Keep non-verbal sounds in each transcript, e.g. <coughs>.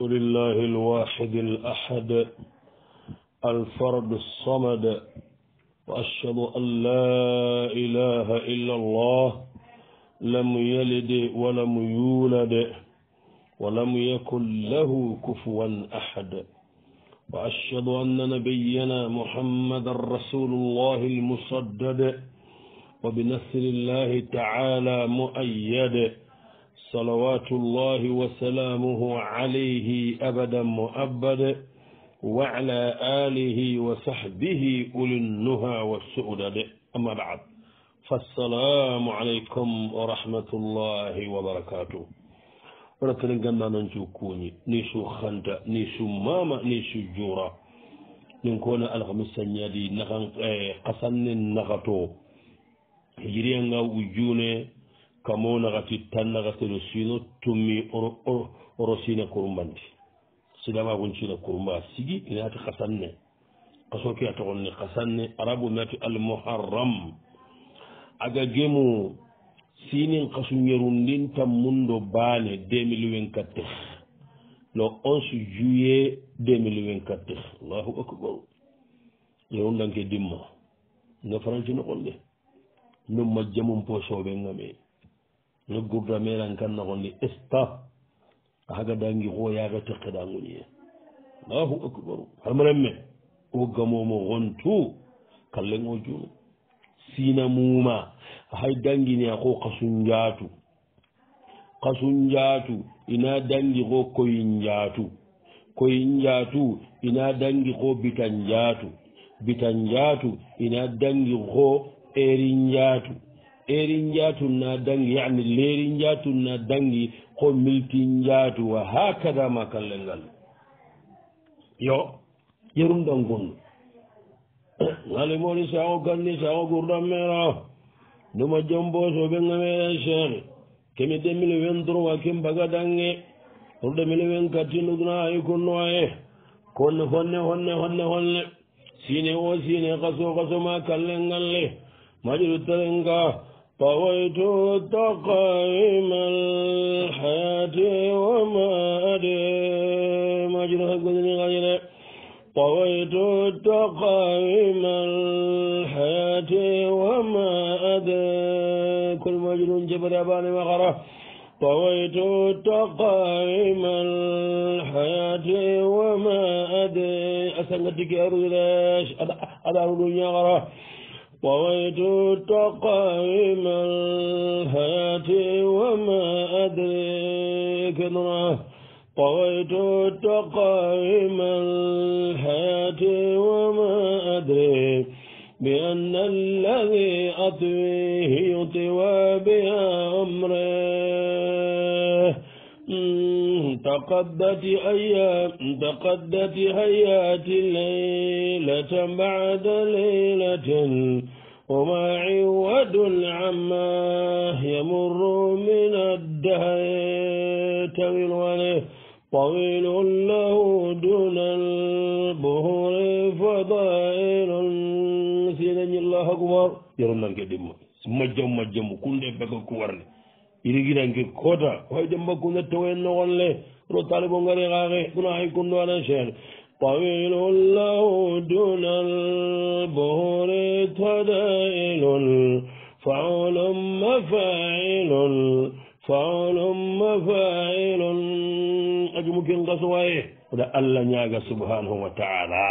لله الواحد الأحد الفرد الصمد وأشهد أن لا إله إلا الله لم يلد ولم يولد ولم يكن له كفوا أحد وأشهد أن نبينا محمد رسول الله المصدد وبنسل الله تعالى مؤيد صلوات الله وسلامه عليه أبدا مؤبدا وعلى آله وصحبه أولي النهى والسؤدد أما بعد فالسلام عليكم ورحمة الله وبركاته ولكن قلنا نجوكوني نيشو خندا نيشو ماما نيشو جورا نكون الغمس نيادي نغن إيه، قصن نغطو هجريان غو جوني kamonaxati tannaxatero sino tummi oro sine kurumbandi sinamagun sina kurumba sigi inati xasanne xasoke a toxonne xasanne arabu nati almoharram aga gemu sinin xasu ñerundin tammundo baane 2024 le 11 juillet 2024 allahu akbar yerundanke dimma no farantinoxon de no majjamum po sooɓe ngame reggurda meran kanna gonni sta haga dangi hoyaga tekkeɗangoni he allahu akbaru harmaren men o gamomo gontu kallen o juuno sina muma hay dangini a ko kasun jaatu kasun jaatu ina dangi ko koyin jaatu koyin jaatu ina dangi ko bitan jaatu bitan jaatu ina dangi ko erin jaatu eri jatunna dangi yani leri jatunna dangi ko milti jaatu wa ha kada ma kalle ngal yo yerum dan gondu <clears throat> ngale moni sawo ganni sawo gurdan mera numa jombo so be ngamee sheikh kemi deux mille vingt trois kem baga dange pour deux mille vingt quatre nuguna ay kunno ay konne honne honne honne honne sine o sine kaso kaso ma kalle ngalle majuru tarenga طويت تقائم الحياة وما أدري مجرها قدني غيره طويت تقائم الحياة وما أدري كل مجر جبر أباني مغرة طويت تقائم الحياة وما أدري أسنقتك أرض أدعو الدنيا غرة وويت قائما حياتي وما أدري كدره طويت قائما حياتي وما أدري بأن الذي أطويه يطوى بها أمره تقدت أيام تقدت هيات ليلة بعد ليلة وما عوض عما يمر من الدهر طويل وله طويل له دون البهور فضائل سيدنا الله أكبر يرمنا القديم مجم مجم كل بك كورني iriginanke kota hay jamba kunde tawen nogonle ro talibo ngare kaake kuna hay kundo ana sheer طويل له دون البهور تدائل فعل مفاعل فعل مفاعل أجمك انقصوه هذا ألا نياغ سبحانه وتعالى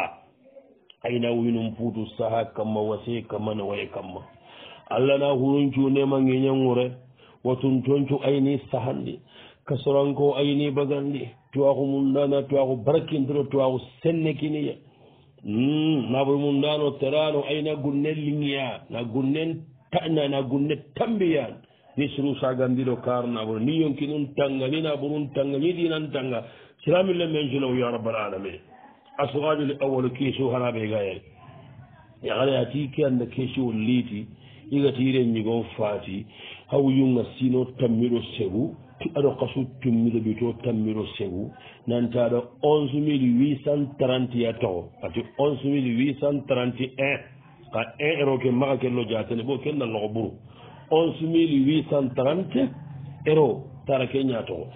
أين وين فوت الصحاك كما وسيك كما نويك كما ألا نهو نشو نيما نينيا watun conco ayni sahandi kasoranko ayni bagandi tuwaku mum dana tuwaku barkindiro tuwaku sennekiniya maburu hmm, mum dano terano ayna gunne liya na gunne tana na gunne tambiyan ni suru sagandiro karnaburu ni yonki nun tanga ni naburun tanga ni dinan tanga silamille mencilow ya rabal alamin a sugajuli awalu kesu hanaɓe gaye yagara yati ke anda kesiwo liti igati ire ñigon faati haw yunga sino tammiro segu aɗo kasu tummiro ɓito tammiro segu nantaɗo onze mille huit cent trente ya toxo ati onze mille huit cent trente un ka un ero ke maxa kelo jatene bo kenna loxo ɓuru onze mille huit cent trente ero tara ke ñatoxo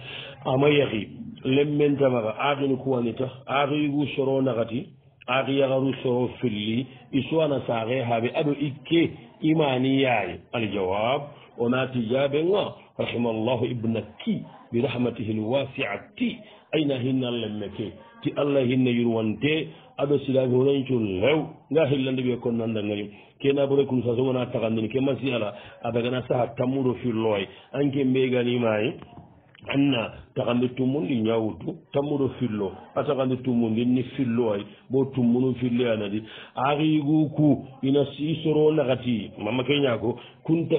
ama yaxi lemmentamaxa axini kuwanita axiyugu soro naxati axiyaxaru soro filli i sowana saxe xaɓe aɗo ikke imani yaay aljawab o naati jaabe ŋo rahimallahu ibna ti bi rahmatihi l wasia ti ayna hinna lemmeke ti allah hinna yurwante aɗo silaami honañcu lew nga hillande ɓe kon nandagarim kena bore kunu sasogona taxandini ke masi ala a bagana saha tammuɗo filloy anke mbeganimayi anna taxande tummundi ñawutu tammuɗo fillo a taxande tummundi ni fillo ay bo tummunu fille anadi axiigu ku ina si soro naxati mama ke ñaako kunta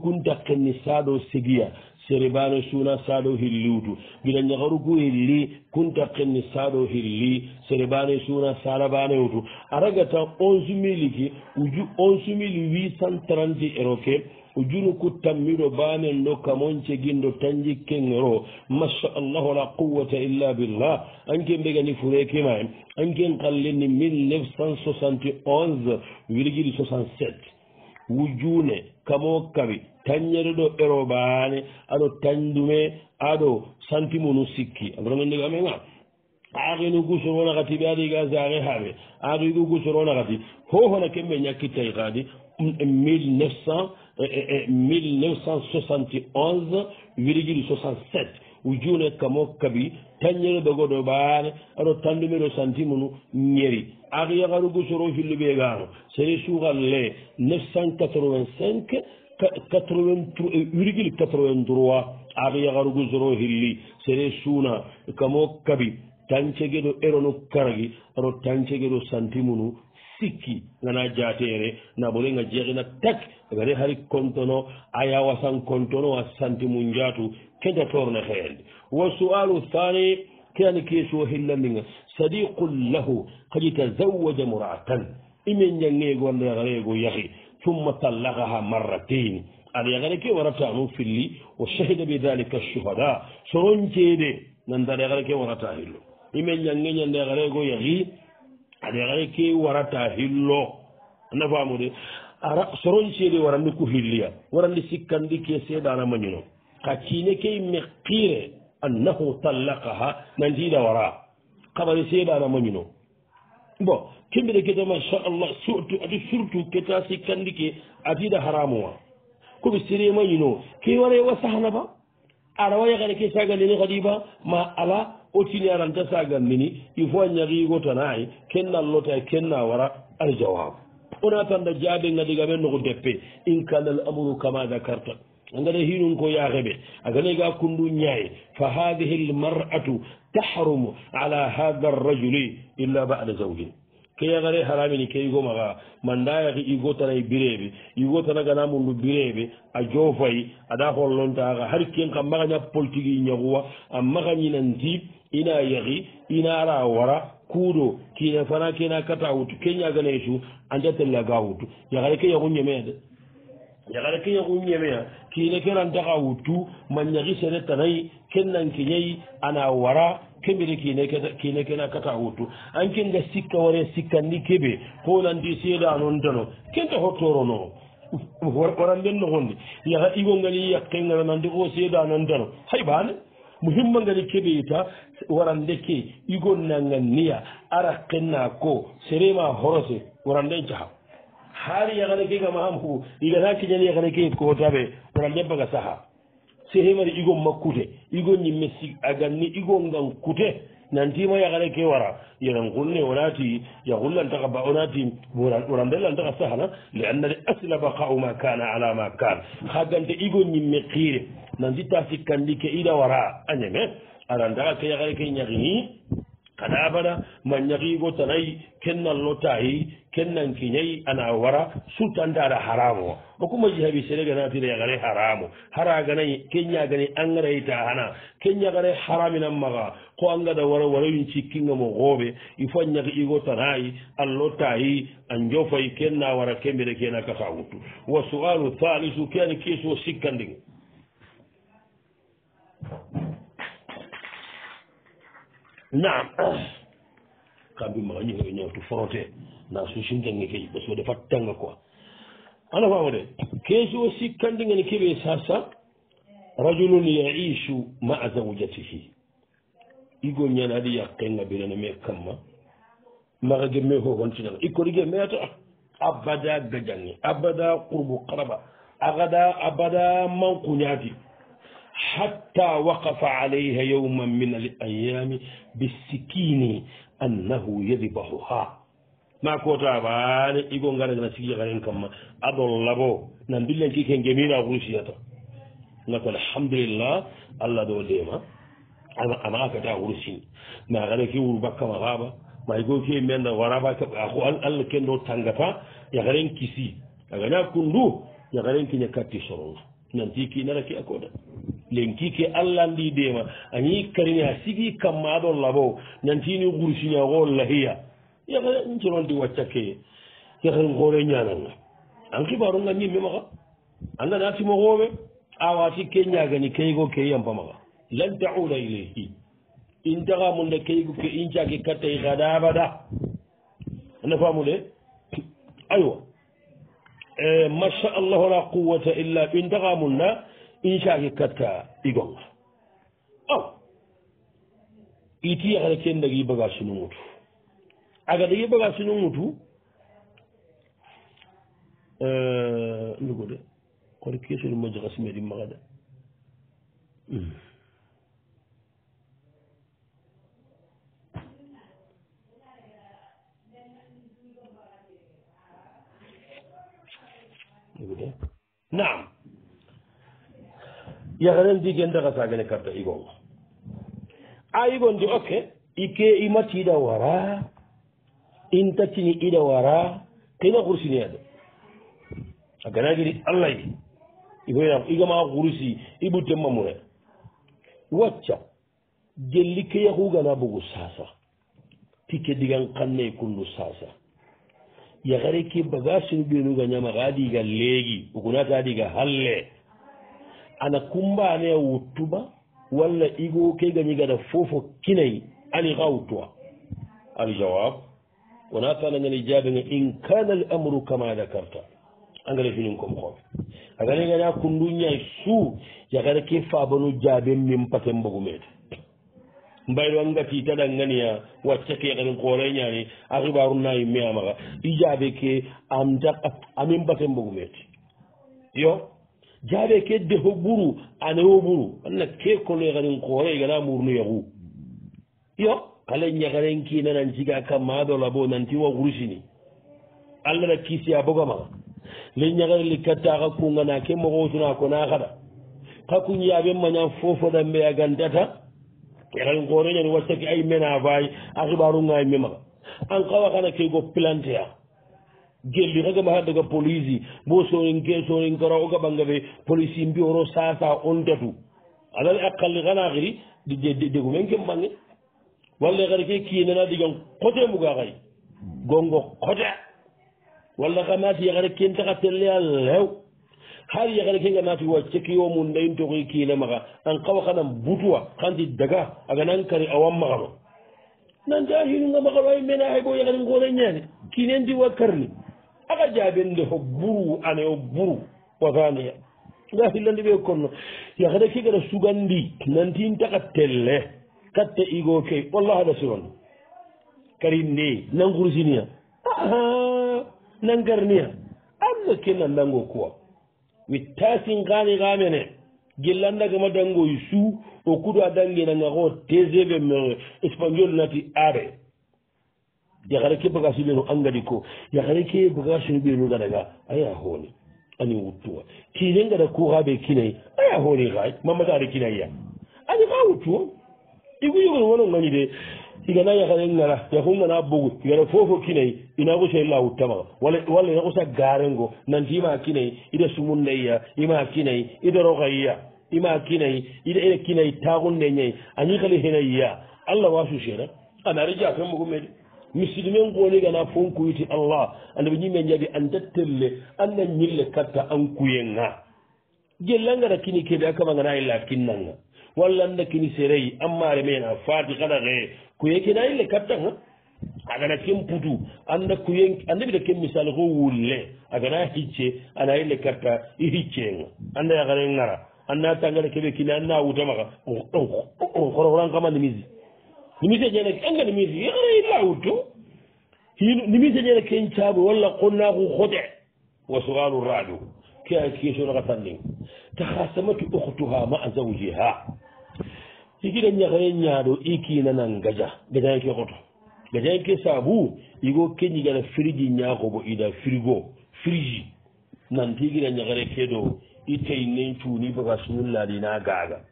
kunta xenni saaɗo segiya serebano suna saaɗo hilliwutu gila ñaxaru ku hilli kunta xenni saaɗo hilli serebano suna saalabane wutu a ragata onze mille ki uju onze mille huit cent trente euro ke ujunu kuttammiɗo banen ɗo kamonce guinɗo tan jikkenero machallahu la quwata illa billah anken ɓegani furekima en anken kallini 1971 wirguiɗi 67 wujune kamo kawi tanñere ɗo ɓero bane aɗo tanndume aɗo santimunu sikki aɓrogandego amena aqinu gusor wonakati ɓe aɗi gasi aqe haaɓe aqigu gusor wonakati ho hono kemɓe ñakkittay kadi ɗum e 1900 E, e, e mille neuf cent soixante onze virgule soixante sept ujune kamo kabi tañere ɓegoɗo ɓaane aɗo tandumeɗo santimunu ñeri aqyaharugusoro filluɓegano seri suukal le neuf cent quatre vingt cinq quatre vingt eh, virgule quatre vingt trois aqyaharugusoro hilli seri suuna kamo kabi tancegueɗo erono karagui aɗo tancegueɗo santimunu sikki gana jatere naɓorenga jeexina tek gare hari kontono aya wasan kontono wa santi mum jaatu kenta torne heelde wa sualu thani kani kisu hilla minga sadiqun lahu kadi tazawwaja muratan imen jangeego anda yagareego yahi ثم طلقها مرتين على يغرك ورتا فيلي وشهد بذلك الشهداء سرون جيدي نندر يغرك ورتا هيلو إمن ينغي نندر يغرك يغي ade xaye ke warata hillo ana famu de ara soroncede warandi ku hilliya warandi sikkandi ke seedana mañuno xa kiine ke me qire annahu tallakaha nantiida wara xabari seedana mañuno bon kembire keta machallah surtout adi surtout keta sikkandi ke atiida haramuwa koɓe sere mañuno ke warae wa sahanaba ara wayaxare ke sagandeni xadi ba ma ala otiniaran gasagal mini il faut a ñaqiigo tanaay kenna lota kenna wara al jawab ona tanda jaabe ngadiga ɓe nogo deppe in kana l amaru kama dacarta angada hinum ko yaaxeɓe aganayga kundu ñaye fa hadihi l maratu taxrumu ala hada rajuli illa bada zawjin ke yagare haramini ke igo maxa mandayaxi igo tanay bireɓe igo tanagana mundu bireɓe a jofay aɗa xollontaxa har ken xa maxaña politique i ñaxuwa a maxañinan ndiɓ ina yahi ina ara wara kuuɗo kiina e fana kena kata wutu keñaganeesu anta telle ga wutu yahare ke yahu ñemeya de yahare ke yahu ñemeya kiina ke rantaka wuttu ma ñahi sene tanayi ken nankiñayi ana wara kemiri kiina kena kata wuttu an kenga sikka ware sikkanni keɓe ko nanti seedanontano kenta hottorono waran den nohonde yaha igongani yakkengara nanti ko seedanontano hay baane muhimma ngari keɓeyta warandeke igonnangan niya ara qenna ko serema horose warande jaha haari yaganake gamaam ku igana keñal yaganake kootaɓe warande baga saha sehemari igo makkute igo ñimme si aganni igo ngan kute nanti nantima gare ke wara yaran kunne onati yagullantaka ba onati ta sahala li anna li asla baqa ma kana ala ma kan ha gante igo ñimme qiire nanti ta sikkandi ke ida wara anyeme ñeme arantaka ke gare ke nyagi ana bana go tanai kennan lotahi kennan kiñayi ana wara da haramu ba kuma jihabi da gare haramu hara an gare ta hana harami haraminan maga ko an da wara warawin cikkinga mo gooɓe il faut ñaga igo tanayi lotahi an jofayi kenna wara da kenan ka sa hutu wa sualu thalithu kan keesuo sikandin. naam kaɓima ñoyo ñawtu fronté na susindange <clears throat> keji ɓa soode dafa tanga quoi ana fawode keesi o sikkandigani keɓe sasa rajulun yaichu maa zaujatihi igo ñanaɗi yakkenga birana me na maxa gemme hohontinaga ikkori gemme ata ah, abada gajange abada qurbu qaraba agada abada mankuñaati حتى وقف عليها يوما من الأيام بالسكين أنه يذبحها ما كوتا بان إيغون غالي نسيكي غالين كما أدو اللبو نمدل كان كن جميلة غلوشية نقول الحمد لله الله دو ديما أنا أنا كتا غلوشين ما غالي كي وربك ما غابا ما يقول كي من ورابا أخو أل أل كن دو تنغفا يغالين كيسي أغنى كندو يغالين كي نكاتي شرون نمتيكي نركي أكودا len kike allahndi deema ani karini a sigi kammaɗo labo nantini gursiñago lahiya yaha ncononti waccakkeye yahan hoore ñananga an kibaruga ñimmi maga annana timogoɓe awati ke ñagani keygo ke yampamaga lan tauda ilayhi in taga eh, munda keygo ke incaki kattay hadabada anda famude aywa masha allahu la quwata illa in taga munda iicaaki katta igonga aw iti yakata ken dagi bagage sinu ŋutu aga dagi bagage sinu ŋutu eh, ndugo de kodi kesoni ma jaka simedi maga de hmm. ndugo de naam yahren digi ndaka sagene karta igonga a igondi oke ike imati ida wara intatini ida wara kena gursiniyade a ganagiri allahy ibena igama gursi ibutemma mure wacca gelli keyahu gana bugu sasa tike digan kannei kundu sasa yahareke baga sinu benuga ñamaga diga legi ukunata diga halle ana kumbaanaya wottuma walla igo ke gañigana fofo kinayi ani hawtuwa aljawab wona tanagani jaabenga in kana al amru kama dakarta angara finin comme xoof aganigana kundu ñay suu yagana ke faabanu jaaben min pate mbogumeete mbayro angati tadanganiya wacca ke xen koore ñaani a xibaru nayi meamaxa i jaabe ke amta amin bate mbogumeete yo jaabe ke deho ɓuru anewo ɓuru anna ke kolo yagarin koore igana murnu yagu yo kala yagaren kina nanciga kam madolabo nanti wa gurusini allah na kisi abogama le yagare likkattaaka kunga na ke mogotuna kona kada ka kun yaɓe maña fofodambe a gantata yagarin koore ñani wattake ay mena vay a xibaru ngaay memaga an kawa kana ke go plante a gelli hage ma hadaga police bo sorin ke sorin kara oga ɓanga ɓe police mbi oro sasa on datu alani akalli kana xiri degumen kem ɓange walla xar ke kiinana digan kote muga xay gongo kote walla xa naati yaxare ken taxa telleya lew har yaxare kenga naati wa cekio mu ndayntoxoy kiina maxa an qawa xanan butuwa xanti daga aganan kari awan maxama nanta xinunga maxaloay mena xay bo yaxarin xoone ñaane kiinen diwa karni aɗa jaabinde ho buru ane o buru wakaniya ga hillandi ɓe konno yahde kikata sugandi nantin taka telle katta igo key wallahu aɗa siron kadi nde nangursiniya aha nangarniya amma kenna dango quoi wi tasin kani kamene gillandagama dango su o kudu a dangi nanga ko tgv espagnol nati aɓe yagara ke bagasi ɓeno angadi ko yagara ke bagasini ɓeno gadaga aya hoone ani wuttuwa kine gada kuxa ɓe kinayi aya hoone xa mamatare kinayya ani xa wuttuwa igu yogono wonongani de igana yagare ngara yaku ngana bogu igana fofo kinayi inago serila wuttamaxa walla inaku sa garengo nanti ima kinayi ida sumunneya ima kinayi idoroxaya ima kinayi ida ida kinayi taxunne ñayi ani xali henayya allah wasu sena anare jafe mugumedi misidi men gooni gana fon kuyiti allah anaɓe ñimme jaɓi andattelle anna ñille katta an kuyen ga jellangana kini keɓe a kama gana illa kinnanga walla anna kini sereyi anmaare mena faati kaɗa e kuye kena ille kattan ga agana ken putu anna kuyen annabita ken misali ko wulle agana hicce ana ille katta i hiccenga anna yaganen gara anna tangana keɓe kini anna wutamaga ɗon horohoran kamandi misi nimise ƴeeneke engga nimise yara lawdu hino nimise ƴeene ken caabu walla qonnaaku hode wa sualu raadu ke a kiesonaka tannin tahasamatu uhtuha ma zawjiha igida ñakare ñaado i kiinanan gaja gajayeke koto gajayeke saabu igo keñigana friji ñaakobo ida frigo friji nanti igida ñakare kedo i teyneen cuuni bagasunu laadinaa gaaga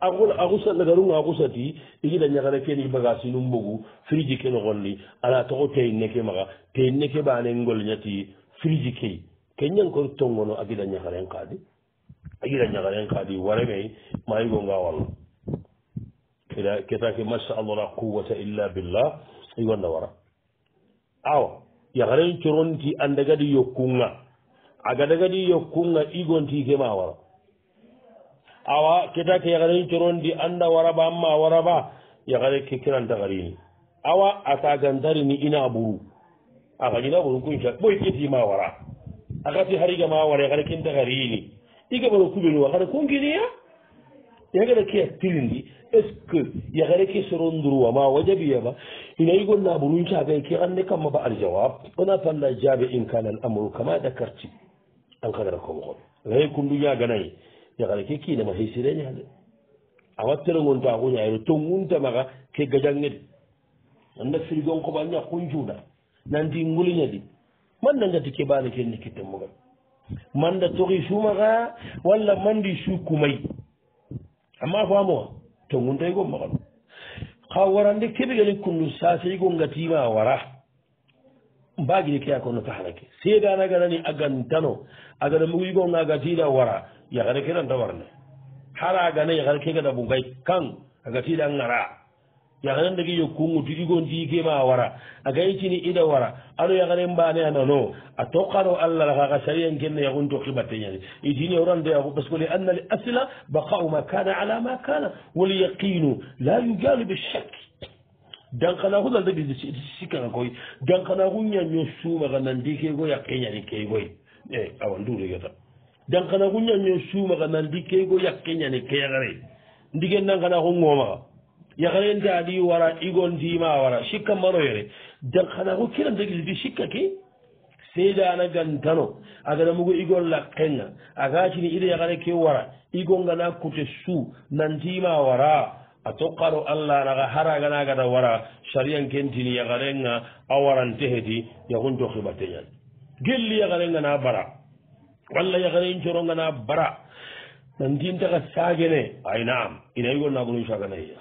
a xusanaga runga a xusati i xida ñaxana kene i bagage num mbogu frige ke no xon ni ala taxu tey neke maxa tey neke mbaane ngolñati frige key ke ñangkor tongono a gida ñaxaren qaadi a gida ñaxaren qaadi ware me mayigo nga walla ketake masa allah la quwata illa billah yiwanna wara awa yaxaren coronti andagadi yokkunga agadagadi yokkunga igontike ma wara awa keta ke yagarin curon di anda waraba amma waraba yagare ke kiran ta garini awa ata gandari ni ina buru aka jina buru kun sha boy ke ma wara aka ti hari ga ma wara yagare kin ta garini iga baro kubi ni wara kun gini ya yagare ke tilindi est ce que yagare ke suron duru wa ma wajabi ya ba ina yi gonna buru sha ga ke anne kan ma ba al jawab ona falla jabe in kana al amru kama dakarti an kadara ko ko rai kun duniya ganai yakara ke kiinama heysire ñaade a wattere gonto a kuña ayno ton guntamaka ke gajangede anda frigon koɓa ña kun juuɗa nanti nguliña ɗi manda gati keɓaani kenni kittemugal manda toki suumaka walla mandi suukumayi amma famowa ton gunta yigon makalu ha warande keɓigani kundu sase yigo ngatima a wara mbaagini ke a konno tahanake seedanagarani agantano agana mugu yigonaga tiina wara yakhare kiranta warne hara gana yakhare kegata bungay kan aga tiɗan ngara yakhare ndagi yokkungu tiɗigondi kema wara agayitini ida wara ado yakhare mbane anano a tokkano allah lakaka sariyankenna yakunto kibatte ñani itini oranta yaku parce que li anna li asla bakau ma kana ala ma kana wal yaqinu la yujalu beshak dankanaku dalta bisikkaga koy dankanaku ñaño suumaga nandi kegoy a keñani kegoy e eh, awa nduuru yota dankana ku ñañe suumaxa nan ndi keygo yakke ñani keexere ndigen dankana ku ngoomaxa yaxarentaadi wara igondiima wara sikka maroyere dankana ku kirantegilidi sikka ke seydana gantano agana mugu igon lakkenga agaatini ida yaxare ke wara igongana kute suu nantiima wara a toqaro allah naxa haragana gata wara sariyankentini yaxarenga a warante heti yaxunto xibateñan gelli yaxarenga na bara walla yakarein corongana bara nantintaka sagene aynaam inaigo nagono saganaya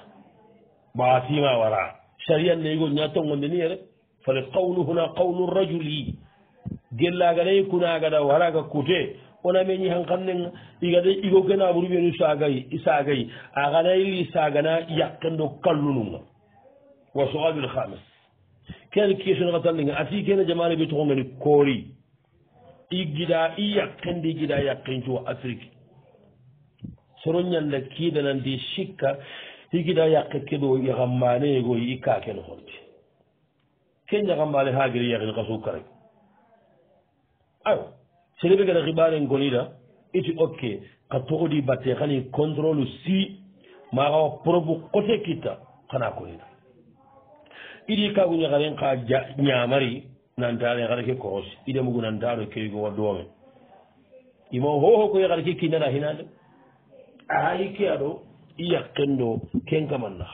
batima wara saria ndeigo ñattongondeniyere fale qawlu huna qawlu rajuli gellagaɗay kunagaɗa waraga kute onameñi hankannega igada igo gena ɓuruɓenu sagay sagay aganayli sagana yakkendo kallununga wa soaɓil hamis kene question ngatandega ati kene jamane ɓe togongeni koori i gida i yakkendi gida yakkincuwa afrique soro ñannda kiidanandi sikka i gida yakke keɗo yahammaneegoy i kaakeno honte ke ñahammane haagiri yahin xa suuka rek ayo sere ɓegata xiɓaane ngonida iti oke xa toxodi batte xani controle si maxawa probu qote kitta xana konida idi kaagu ñaxaren xa ñaamari nantaaren e xata ke koxos ide mugu nantaaro e kewigo waddoomen ima hoho koye xata ke kinnana hinaade ayi ke aɗo i yaqen ɗo ken kaman nax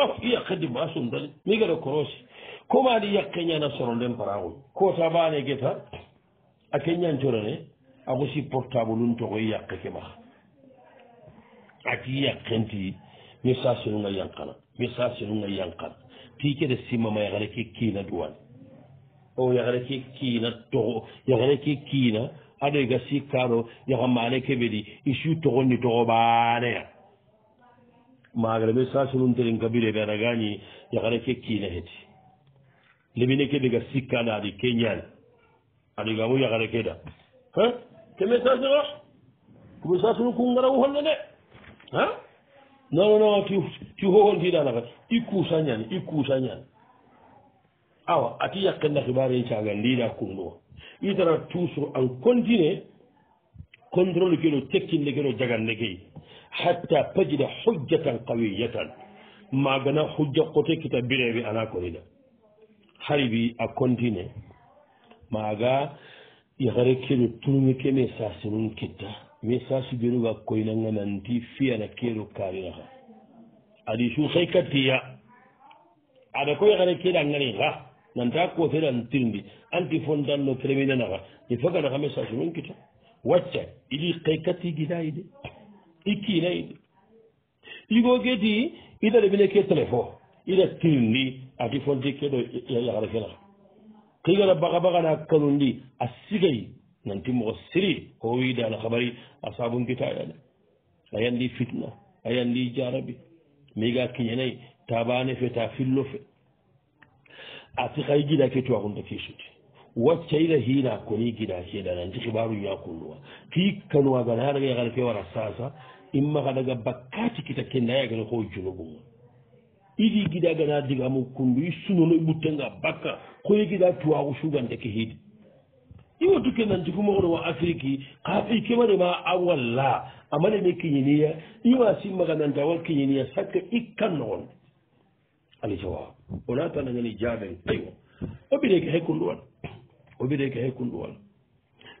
of oh, i yaqedi ma sumtani mi gaɗo korosi komaadi yaqeñana sorolen paraxuy koota baane geta a keñancorone a xosi portable um toxo i yaqe ke max ati yaqenti mi sasenunga yanqana mi sasenunga yanqana tii keɗe simamaye xare ke kiina duwane o yagare ke kiina togo yagare ke kiina aɗo ga sikkaɗo yaga mane keɓeɗi isu togonni togo ɓaaneya magre ɓe sasinumterin kabire ɓe aɗa gañi yagare ke kiina heti lebine keɓe ga sikkaɗa aɗi keñani aɗo gamu yagare keda ha keme sasio kome sasinu kun gara u holle de ha nonono ti ti hohontiɗanaka i kuusa ñani i kuusa ñani awa ati yakkenna xibaren cagan liida kunɗoo itara toujours en continue controle keno tekkinde keno jagande key hatta pajida hujjatan qawiyatan magana hujja kote kita bireɓe ana koyida hari bi a continue maga yahare keno turme keme sasinum kitta mais sasi benuga koynanganandi fiyana keno karinaha adi su hay kattiya aɗa ko yahare keɗa ngani ha nanta ko fere an tirndi anti fon danno premine naxa i fogana xa message num kita wacca idi qey katigidayi de i kiinayi de igo geti ida remine ke téléphone ida tirndi ati fonti ke ɗo yaxara ke naxa xigana baxabaxana kanundi a sigay nanti moxo siri o widana xabari a sabun kitayade a yandi fitna a yandi jarabi miga kiñenayi tabane fe ta fillo fe a tikay gidake tuwaxunta ke suti waccayra hina koni gida kedana nti xibaruya kunnuwa ki kanuwaga naaraga yaxana ke wara sasa imma xaɗaga bakkati kita kenna yagana ko junubuga idi gidagana digamu kundu i sunono i ɓuttanga bakka koye gida tuwaxu sugante ke xiidi i wotu ke nanti fu moxono wa afrique xa fi ke manema a walla a maneme kiñiniya ima simmaxa nanti awa kiñiniya sakke i kan noxonde alay sawa wona tanagani jaaɓen aywa o ɓireke hekkunɗuwal o ɓireke hekkunɗuwal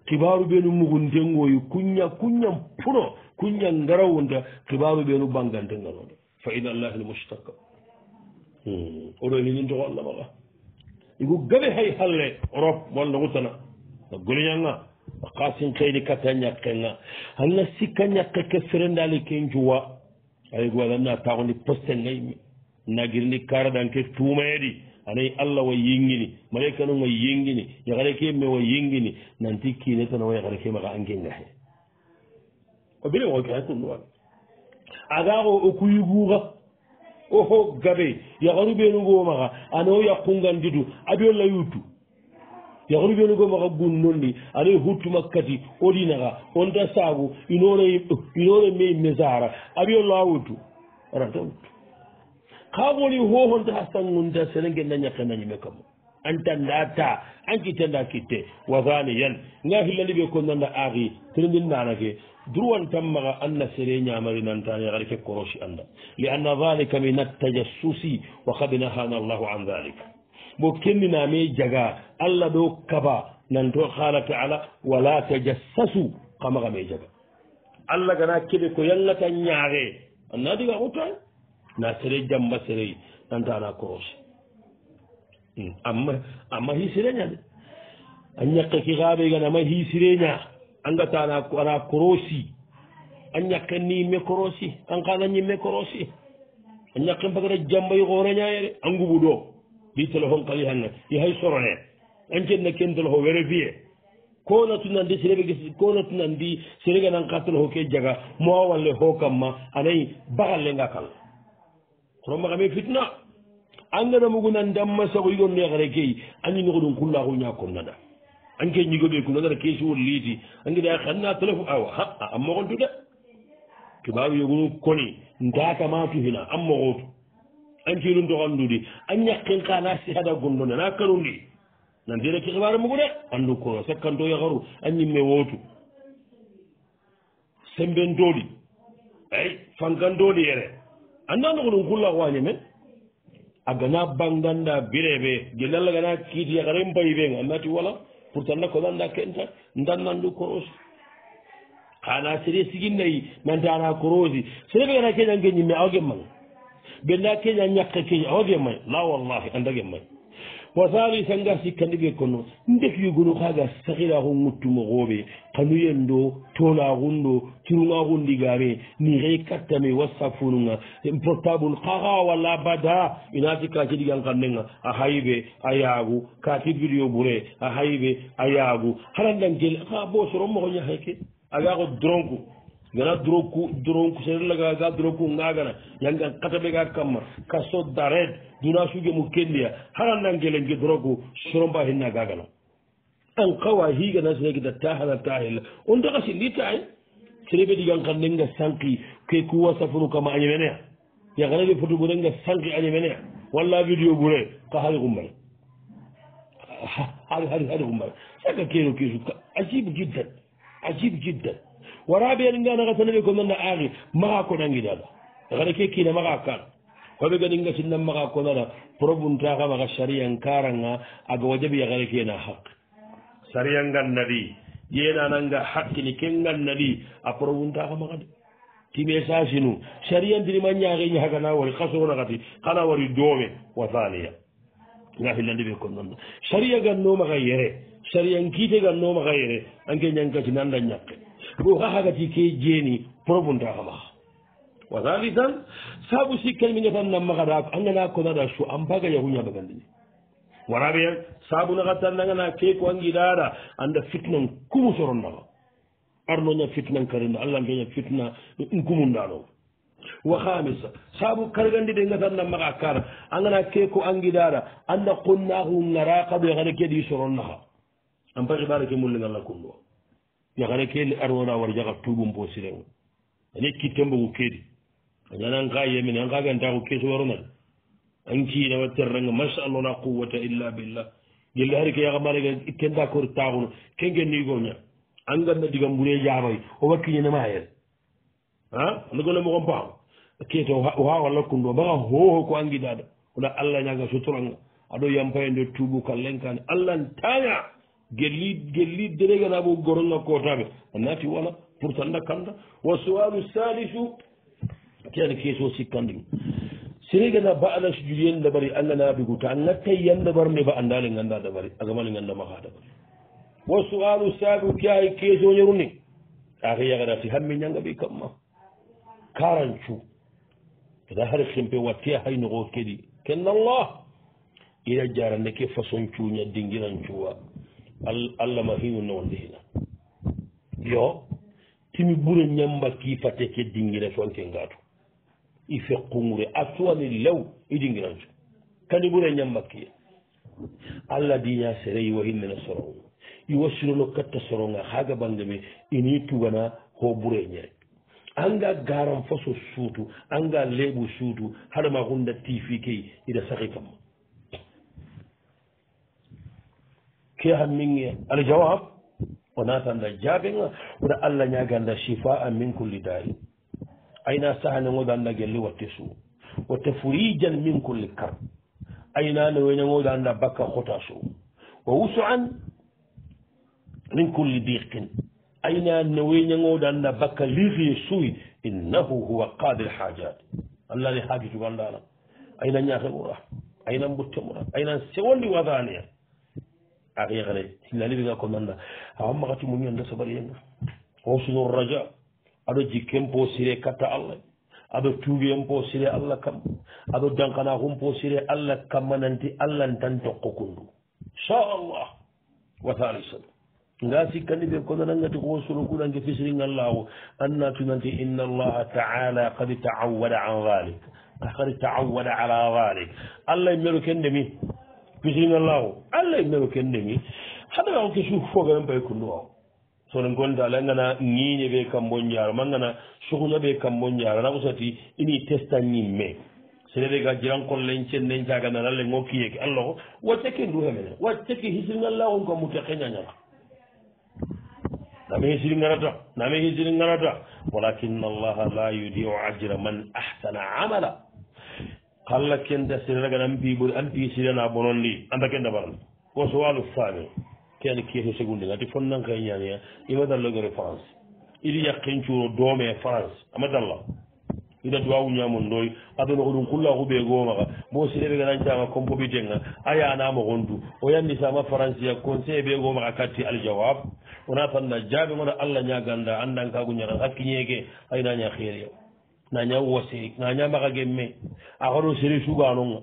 kibaru ɓenu mugun tengoyi kuña kuñam puno kuña ngara wonta kibaru ɓenu bangantenganoɗo fa in allahil mustaka hmm, oɗo hininto e allah maga igu gaɓe hay halle rop wonda gutana a goleñanga a kasin keyni kata ñakkenga hanna sikka ñakke ke serendali ken juwa ayigu aɗanna tagoni postengayimi nagirni karaɗan ke tumayeɗi anayi allah wa yingini malaikanun wa yingini yakhare ke me wa yingini nanti kinetanawa yakhare ke maga angengahe o bire wokea tunnuwa agaxo o kuyuguga oho gabe yakharu ɓenugo maga anao yakkungandidu aɓio la yutu yakharu ɓenugo maga gunnondi anayi huttuma kati odinaga onta sagu inone inone mei mesara aɓio la wutu ananta wutu ka woni hohonta ha sangunta sene guenda ñakkendañime kam antandata ankitenda kitte wasaniyan nga hillandi ɓe konnanda aaki tenendin nanake drowan tan maxa anna sere ñamari nantane xar ke koroci anda li anna dalika min atajassusi wa kad nahana allahu an dalik bo kenni name jaga allah ɗo kaba nanto halata ala wala tajassasu kamaxa me jaga allah gana keɓe ko yallata ñaxe annadiga xutaye na sere jamba serey nantana croce hmm, amma amma hisireña de a ñakke ki xaɓe gana ma hisireña angata ana croci a ñakke ni me croci an xana ñimme croci a ñakke mbagata jambay xoonañayere a ngubu ɗo ɓi téléphone kali xanna i hay sorone an cenna ken téléphone vérifier konatunandi sereɓe konatunandi sereganan xa téléphone ke jaga mowawalle xokam ma anayi baxallenga kala koromaxame fitna angaramugunan damma sago yigon nexere key anginoxoɗum kullaxuu ñakonnana anke ñigoɓe kunanara kesiwol liiti angeda xanna téléphone awa a a moxontu de kibaru yogunu koni ndakamatu hina a moxootu ankeɗum toxanndudi a ñakken xana sihada gondone ana kanundi nandere ke xibaro mugu de andu kono sakkanto yaxaru a ñimme wootu semben toɗi ay fankantoɗi yere anndano ko ɗum kulla ko wane men a gana bannganda bireɓe gelle allah gana kiitiya kare mbayi ɓe ngannati wala pourtant nda ko nannda kenta ndannandu corose haana sere siginnayi nantana corose sereɓe gana keñan geñimme awa gemmaga ɓe nda keñan ñakka keñi awa gemmay la wallahi annda gemmay wa sali sanga sikkandige kono ndek yugunu kaga sakiraxun guttumo xoɓe xanu yen do tolaxun do curugaxun ndigame ni xey kattame wasafununga portable xaxa walla bada inati kaci digan xandenga a xayiɓe a yaagu kaci video bure a xayiɓe a yaagu xarandangel xa bo soro moxo ñaxeke aga xo dronku gana doroku doroku serlagaga doroku ngagana yangan kataɓega kamma ka sodda red duna suge mu kenniya hara nangelenge dorogu soromba hinna gagana an kawa higana segida tahana tahila ondagasi nditae eh? serebe digan ka nenga sanki ke kuwa safunu kama añemeneya yaganaɓe foto gurenga sanki añemeneya walla video gure ka hari gumbay hari hari hari gumbay saka keno kesu ka ajibe jiddan ajibe jiddan warabiyaninga naga tanaɓe ko nana aari maga ko nangidala gara ke kiina maga kar koɓe ganinga sinnan maga ko nana probuntakamaga sariyan karanga aga wajabi yagara kena haqe sariyangan nadi yenananga haqqini kengan nadi a probuntakamagadi time sasinu sariyantinima ñaaxeña hagana wari kasoonagati kana wari doome wa thaniya nga fillandiɓe ko nanna sariya gannomaga yere sariyan kiite gannomaga yere anke ñankati nanda ñakke ɗo hahagati ke jeeni probondagama wasali tan saabu sikkel mine tan nammagaɗa ko angana konaɗa su ampaga yahuñabagandi waraɓeen saabu nagattan nagana ke ko angiɗaɗa anda fitnan kumu soronnaga arnoña fitnan karinna allah geña fitna kumunɗano wa hamisa saabu kargandi ɗe gatan nammaga kara angana ke ko angiɗaɗa anda qunnahu garakaɗo e hara keɗi soronnaga ampagibara ke mulling allah kunnuwa yakara keni arona war jaka tuɓum bo sirego ane kittembo ko keedi añana an ka yemine an ka ganta ko keso waronat an kinawa terrange masallah la quwata illa billah gelle hari ke yakamarega kenta kori taakuno ken genni goña an ganna digam mbure jaaroy owa kiñenema hen a ana gona mogon paam keto oha walla kundo baka hoho ko angidaɗa oɗa allah ñaga sotoranga aɗo yampa e nde tuuɓu kallenkani allah n taña gelli gelli deregenaabo goronga kotaɓe a naati wona pour tanda kanda wo sowalu salisu ceene keeso sikkande serigana ba alas julien dabari anganaɓigu ta gattay yan dabar mɓe ba andale ganda dabari agamani gandama ha dabari wo sowalu sabu kaye keeso ñeru ni ake yagarati hanmi ñangaɓe kamma karancu ada hara simpe watte haynoko keɗi kenna allah ira jaranneke façon cuña dinguirancuwa allah ma hiwno on ndehina yo timi ɓura ñamba kiifate keddinngire soon ke ngaatu i feqqumure a suwani lew i dinngiran su kadi ɓure ñamba kiya allah diña sere yiwa hinnene soroŋ iwa sirono katta soroŋa haaga bange me ini tugana ho ɓure ñere anga garan faso suutu anga leeɓu suutu haɗama hunda tifi key ida sahi kamma ke hamminge aljawab wonatanda jaabenga wona allah ñaganda chifa a min kulli daari ayna sahanengoɗo anda gelli watte suu watte furijan min kulli kar aynano weñangoɗo anda bakka hota suu wa wusu an min kulli diqin aynanno weñangoɗo anda bakka lirie suuy innahu huwa qadi lhajat allah ne haaju tugandana ayna ñaake ɓura aynan butte ɓura aynan sewondi wadaniya axe xene sinnali ɓega ko nanna axa maxati muñanda saɓariyenga hosuno raja aɗo jikken po sire katta allah aɗo tuugen po sire allah kam aɗo dankanaxum po sire allah kamma nanti allah ntan toqo kundu inchallah wa taala sallam nga sikkandi ɓe konanangati ko wosuno kuɗange fisiringallahu annatunanti inna allaha taala kad taawada an dalik kad taawada ala dalik allah e mero ken ndemi misina law allah e mero ken ndemi hade wa ko suuf fogaren pay kundu o sono gonda ala ngana ñiiñe ɓe kambo jaaro ma ngana sohna ɓe kambo jaaro ana ko sati ini testa ñimme so ɗeɓe ga jirankollen cennen caganan allah gokkiyeke allah o waccake ndu hemene waccake hisirgal law on kam mutte keñañana nami hisiri ganata nami hisiri ganata walakin allaha la yudiu ajra man ahsana amala kala kenda sere ragan ambi ɓuri anti sirena bonon ndi anda kenda baran goso walu faami ke ani kiyeso segunde ngati fonnanka e ñaaniya iwa dallogo re france iɗi yakken cuuno doome e france ama dalla idati wawu ñamon ndoy adono ko ɗum kulla huɓe goo maga mo sireɓe gana cama compobiten ga ayanama gondu o yandisama francia conseil ɓe goo maga katti aljawab wona tanna jaaɓe gona allah ñaganda andankagu ñaran hakkiñeke ayna ña heeriyaw nañawo séri nañamaka gemme axono séri suganonga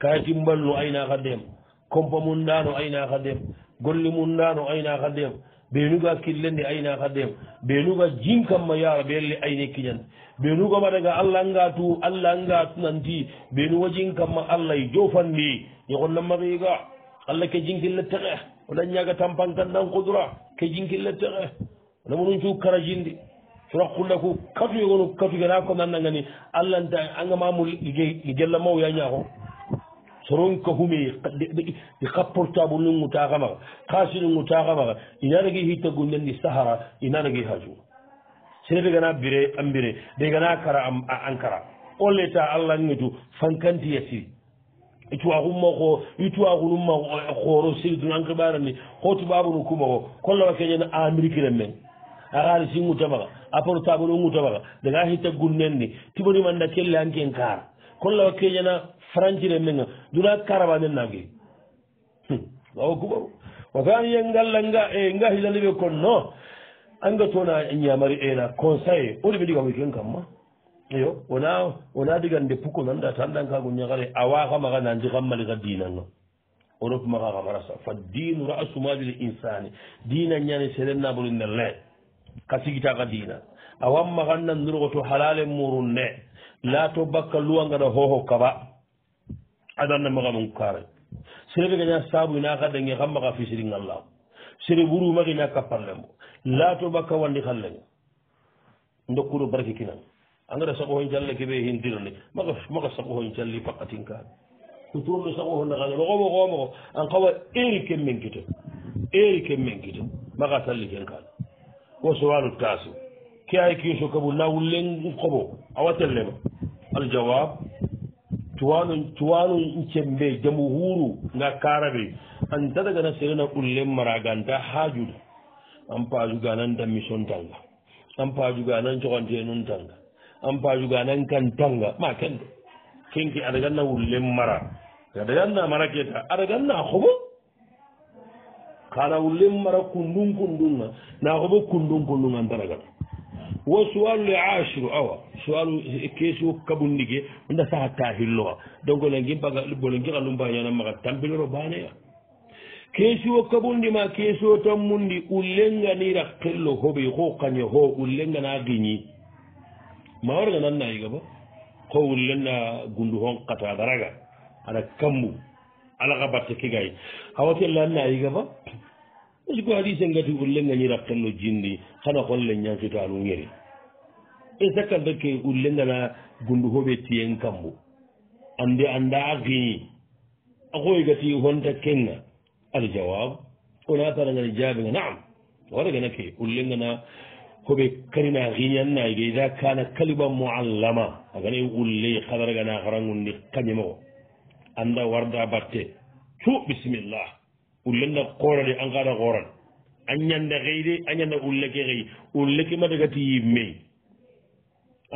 ka timbalno aynaka dem compa mundano aynaka dem golli mundano aynaka dem ɓenuga killende aynaka dem ɓenuga jinkamma yara ɓelle ayne kiñan ɓenuga mataga allah ngatu allah ngatu nanti ɓenuga jinkamma allah jofandi yogonnamaxiga allah ke jinkille texe oɗa ñaga tampankandan kudura ke jinkille texe onamunum cu karajindi sorakkulle ku katuye gonu katuge na ko nan nangani allah nta anga mamu ligey gella maw ya ñaako soron ka humey i xapportable nungu taxamaxa xaasi nungu taxamaxa inanagi xita gunden ni sahara inanagi xaju sene degana bire a mbire degana kara an kara o leta allah ngetu fankantiya siri i tuwaxu maxo i tuwaxunu ma xooro eh, siridun an xibarani xootubabunu kumaxo kollawa keñana amerique ren meng a xaalisi ngutamaxa apporu taɓoɗo ngutobaga daga hitta gunnen ni timonimanda kelle hanke en kara kollawa keñana francine menga duna karaba nen nangi awa kubao wasaniya ngalla nga e nga hilaliɓe konno anga toona ñamari ena conseil oni ɓe ɗiga wiken kamma eyo wona wona digande pukko nanda tandankago ñagare awakamaga nandi kammali ka dinanga oropmaga kamarasa fa dinu rasumalil insani dina ñani serennabolinne lee ka sigitaka diina awan maganna nurgoto halale murun ne laato bakka luwangana hoho kaba adanna magamunko kare sere ɓegaña sabu ina kaddenge kam maga fisiringallaw sere wurumagina kappallembo laato bakka wandi halleng dokkuɗo barke kinan angara sagohon calle keɓe hindirani maga maga sagohon calli pakkatin kaɓe ko turoɗo sagohon nakale mogomo komogo an kawa eri ken men kite eri ken men kite maga talli ken kaɓe ko walu tasu ki ay su kabu nawullen koɓo awa tellema aljawab tuwanu cuwanu cembe jamu huuru nga karabe. an na serena ullem maraganta haju an paajuganan da mission tanga an paajuganan cogante nun tanga an paajuganan kan tanga ma kende kenke adaganna ullem mara adaganna mara keta adaganna koɓo kana wullimmara kundun kundunga nakobo kundun kundunga ntaragata wo suwalule ashiru awa suwalu kesi wo kabundige nda saha tahilloa donc nangibolonkikalumbañana maga tampiloro baneya keesi wo kabundi ma keesi wo tammundi ullenganira qello hoɓi ho kaña ho ullengana giñi ma warga nannayigaba ho ullenna gundu hon kata garaga aɗa kambu alaa batta kigay hawati alla anna ayiga ba ai ko hadise ngati ullengañiraqello jinndi xana xon le ñansuta anu ngeri e sakkan rek ke ullengana gundu hoɓe tiyen kambu annde annda a xiñi a xoygati honta kenga aljawab ona tanangani jaabinga naam waɗagana ke ullengana hoɓe karina xiñannayge ida kana kaliba moallama agana ulley xadaragana xarangundi xañemoo annda warda batte tu bisimillah ullenda koorani an gaada kooran a ñannda xeyde a ñannda ulleke xey ulleke madagati yimmey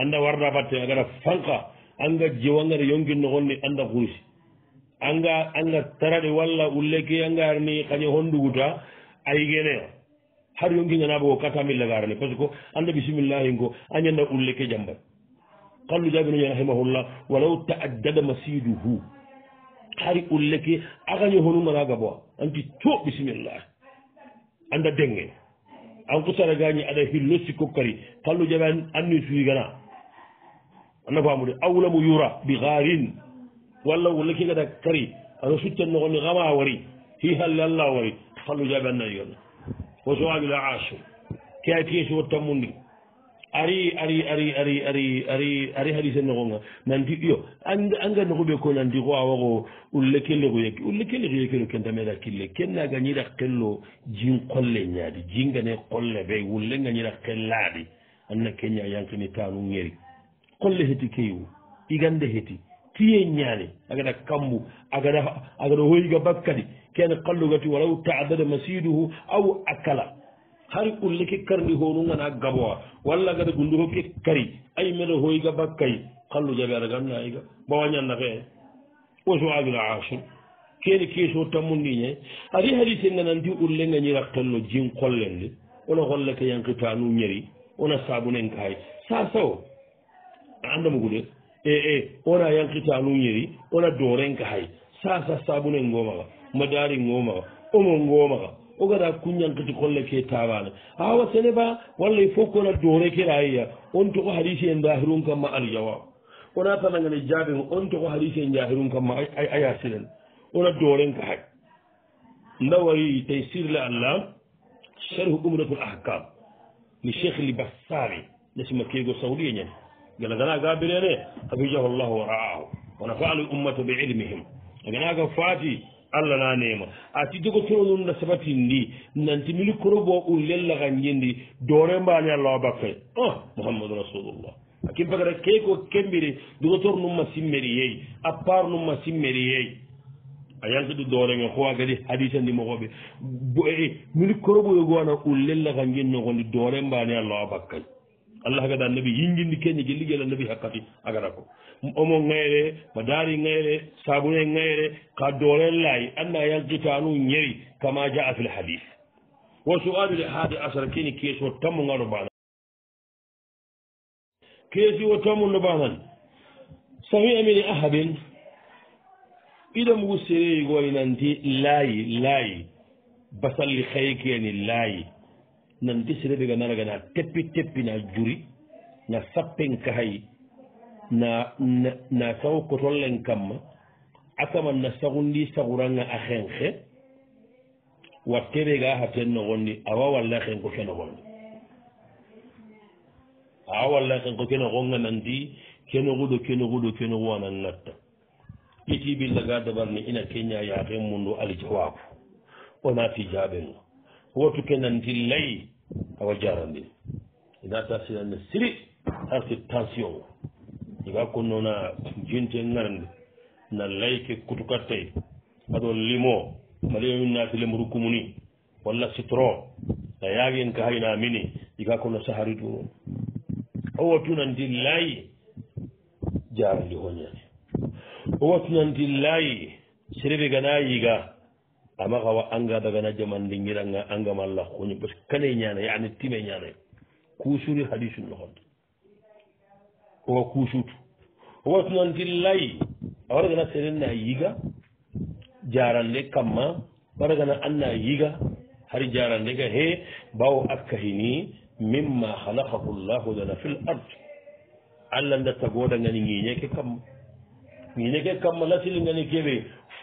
annda warda batte a gata fanka anga jiw angata yonki noxonni annda xuris anga anga tarade walla ulleke anga arni xañe honnduguta ayigene har yonki ngana bogo katamillagarani parce que annda bisimillahi ngo a ñannda ulleke jambat qallu jaabino ñana ximahullah walaw taaddada masiduhu hari ullake agaño honumana gabo anti to bisimillah anda denge an kusara gañi aɗa hillo sikko kari fallu jaɓe anni suwi gana anna famude awlamu yura bi garin walla wullake gada kari aɗa succan nogoni gama wari hi halle allah wari fallu jaɓe annani gana wasoamila asu kea tiesi wattammu ndi ari ari ari ari ari ari ari hadise nogonga nandi yo anga nogoɓe ko nandi ko awago ulle kelle ko yekki ulle kelle ko yekkilo kenta meda kille kennaga ñira kello jin qolle ñaadi jingane qolle ɓe wulle ga ñira kellaaɗi anna keña yankini tanu ŋeri qolle heti keyiwu igande heti tiye ñaane agata kambu agata agata hoyiga bakkadi kene qallugati walaw tadada masiduhu aw akala har ullike karndi honunganaa gaboa walla gada gunndu hokke kari ay mene hoyga bakkay xallu jabe ara gam naayiga bawañannaxee o soabil asir keene keeso tammundiñe adi hadise nganandi ullengañiraktonno jin qollenndi ona xolleke yankitanu ñeri ona sabunen kaay sa sawo andamugude e e ona yankitanu ñeri ona doorenka hay sa sa sabunen ngoomaxa madari ngoomaxa omo ngoomaxa o gara kuñankati kolle ke tawane ha wa sene ba walla il faut qu ona dore keraya on toko hadise en jahirun kamma aljawab wona tanagane jaɓen on toko hadise en jahirun kamma a yasinen ona dorenka hay nda wari tafsir le allah sharhu umratul ahkam ni cheikh li bassari nasima keego saudi e ñan gana gana gabirene habijahu llahu wa ra'ahu wona faali ummata be ilmihim a ganaga fati allah naneema a ti jogotoronunna sabatin ndi nanti mili korobo ɓur lellaganñindi doore mbaani allah wa bakke o oh, mouhammadou rasulullah akim pagata kee ko kembiri jogotor numma simmeri yeyi a paar numma simmeri yeyi a yanta ɗu dooreŋe howa gadi hadisa ndimogoɓe boe eh, mili koroboyo gowana ɓur lellaganñinnogondi doore mbaani allah wa bakkay allah hagada annabi yinginndi kenñi gelligel annabi hakkati agata ko omo ŋayre madaari ŋayre sabune ŋayre ka dooren laayi anna yalkitanu ñeri kama jaa fi lhadis wo suwaalu le haade asara kini keesi o tammu ŋaro baana keesi o tammu no baanan samiya mini ahadin ido mugu sereyigoyi nanti laayi laayi basalli hayikeni laayi nanti sere be ga naragana teppi teppi na juri na sappen kahayi na na na saw ko tollen kamma akama na sawndi sawranga a henhe wattere ga ha tenno gondi awa walla hen ko keno gondi awa walla hen ko keno gonga nandi keno gudo keno gudo keno wana natta iti billa ga dabarni ina kenya ya hen mundo ali jawabu ona fi jaben wotu kenan tillai awa jarandi ina tasira ne siri ar tension iga kon noona jinte ngarande na layke kutukattay aɗo limo maleyoyi naati lemru kumuni walla citron a yaagen ka hayna mini iga kono sahari du on o wattunandi laayi jarandi hoñani o wattunandi laayi serere gana yiga amakawa anga dagana jamandi giranga angamalla hoñi par ce que kane ñanay ana time ñanay kusuri hadisu nohonde owa kuusutu wasu noon dillayi awaragana serenna yiga jarande kamma waragana anna yiga har jarande ga he bawo akkahini mimma halakaku llahu lana fi l ard allah ndatta goda ngani ñiñeke kamma ñiñeke kamma lasili ngani keɓe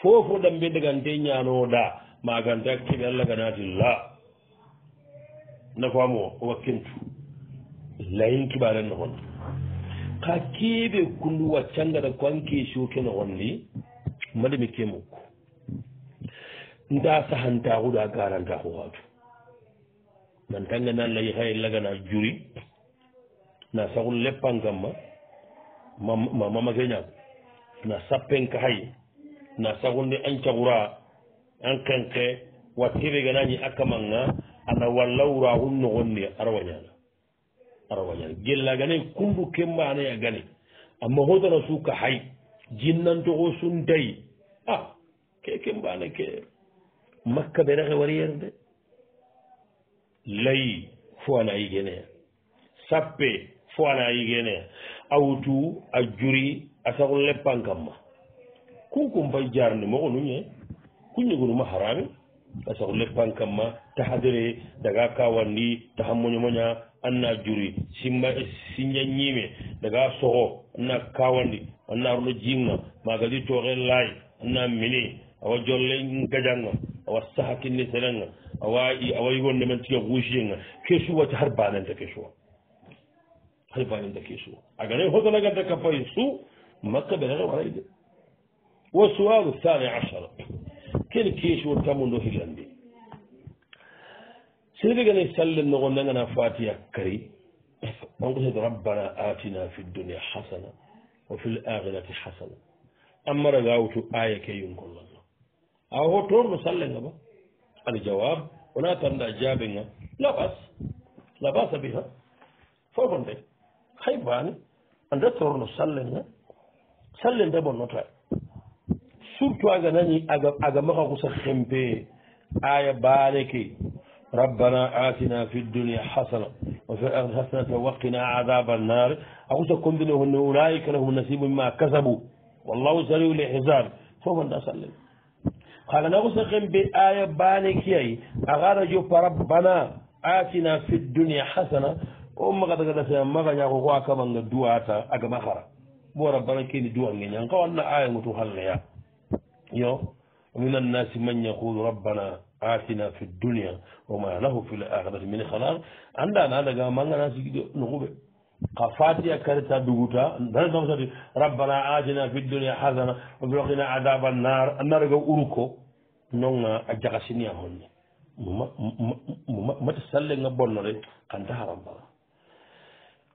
fofo ɗambe dagante ñanoɗa maganta keɓe allah ganati la nafamo o wakkentu layin kiɓaren no honno ka keɓe kundu da kwanke da wonni hanta mi ke mukko nda sahantaxuɗa garantaxu xaatu nantanga na hayi laga na juri na saxu leppan gamma ma ma ma ñaam na sappenka xaye na saxunde an cagura an kenke wa keɓeganañi aka manga ana wallawuraxun noxon ne arawañana ara wañani gella ganayi kundu kembanaya gane amma hodana suka hay jinnanto o suntayi a ke kembana ke makka ɓerexe wariyer de layi fo ana yigeneya sappe fo ana yigeneya awutu a juri a sago leppan kamma kunkum fay jarni moxonuñe kuñigunuma harami a sago leppan kamma taxadere daga kawandi taxa moñomoña anna juri simma si ñañiime daga soxo anna kawandi anna runo jiinga magadi tooxe laay anna mini awa jolle gajanga awa saha kinni senenga awa awa yigonde men tiga guusienga kesuwa ti har banenta kesuwa har banenta kesuwa aganay hotanaganta kapay su makka ɓeere warayde wa suwalu thani achara ken kesuwa tamundo hilandi سيدنا سلم نغنى أنا فاتيا كري أنقصد ربنا آتنا في الدنيا حسنة وفي الآخرة حسنة أما رغاوت آية كي ينقل الله أهو تور مسلم أبا الجواب ولا تندى جابنا لا بأس لا بأس بها فوقن دي خيبان أن تور مسلم سلم دبون نتاي surtout aga nani aga aga maka kusa xempe aya baale ke ربنا آتنا في الدنيا حسنة وفي الآخرة حسنة وقنا عذاب النار أقول لكم أن أولئك لهم نسيب مما كسبوا والله سريع الحساب فهو أسلم قال نغسقم بآية بانكي أغارجوا ربنا آتنا في الدنيا حسنة أم قد قد سيما قد يقول أكبر الدواء أكبر أخرى بو ربنا كين دعاء ينقى وأن آية متخلية يو ومن الناس من يقول ربنا aafina fi dunia omaya lahu fi l akhirati min khalaq andana daga mangana sigi ɗo nokuɓe ka fatiya karita duguta dansati rabbana atina fi dunia hasana obilokina adaba nar anarga uruko nonga a jakasinia honne muma muma mati sallenga bonnore kanta harambala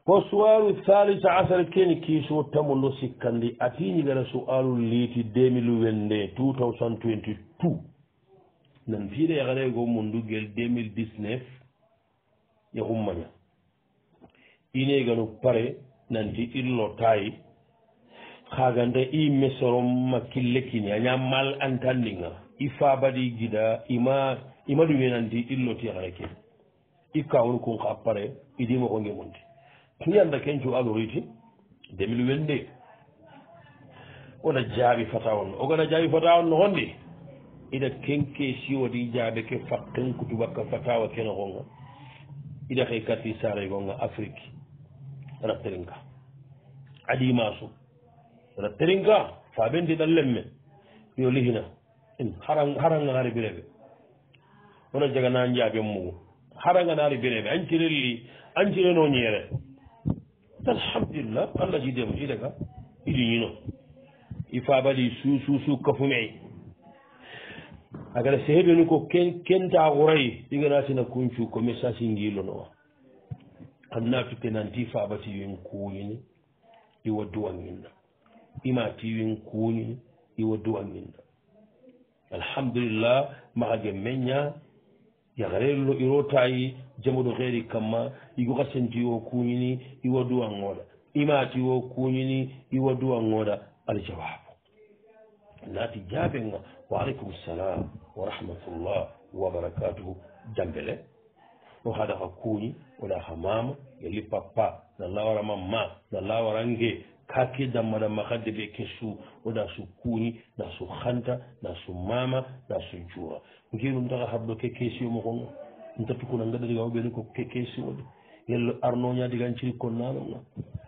ko suwalu thalita asar keni kiso tamundo sikkandi atiñigara suwalu liiti 2002 2022 nan fiire yaxareego mu nduggel 2019 yaxum maña ineganu pare nanti illo taayi xaaganta i mesorom ma kille kini a ñaa mal antanndinga i faabadi gida ima ima ɗumi nanti illo ti yaxare ke i kaawun kun xa pare idima xo ngemunti tuyanda kencu aluriti 2022 wona jaaɓi fata on ogana jaaɓi fata on noxon di ida kenke siwoti jaadeke fa kenkutu bakka fatawa kene gonga ida hay kati sare gonga afrique rattelinga adi masu rattelinga fa bendi dal lemme yo lihina en haran haran ngari birebe wona jaga nan jabe mu haran ngari birebe anjirelli anjireno nyere alhamdulillah allah jidem ida ga idi nino ifa badi su su su kafumei agara seheɗoni ko kenta ɓuray ɗiganatina kuncu ko message ngilonowa annatu kenanti faaba tiwin kuñini iwa duwaminna ima tiwin kuñini iwa duwaminna alhamdulillah maage meña yagarello irotayi jamaɗo heeri kamma igokasentiwo kuñini iwa duwangoɗa imatiwo kuñini iwa duwangoɗa aljawabu nati jaɓega waaleykum salam wa rahmatullah wa barakatuhu jambele ɗo haɗa ka kuuñi oɗa ha mama yalli pappa na lawarama ma na lawarange kake damma ɗamma hadde ɓe kessu oɗa su kuuñi na su hanta na su mama na su juura ngeɗum taka haɗɗo ke keesi o mokon o tatukona ngaɗa diga oɓeni ko ke keesi oɗe yallo arnoña digan ciri konnanoa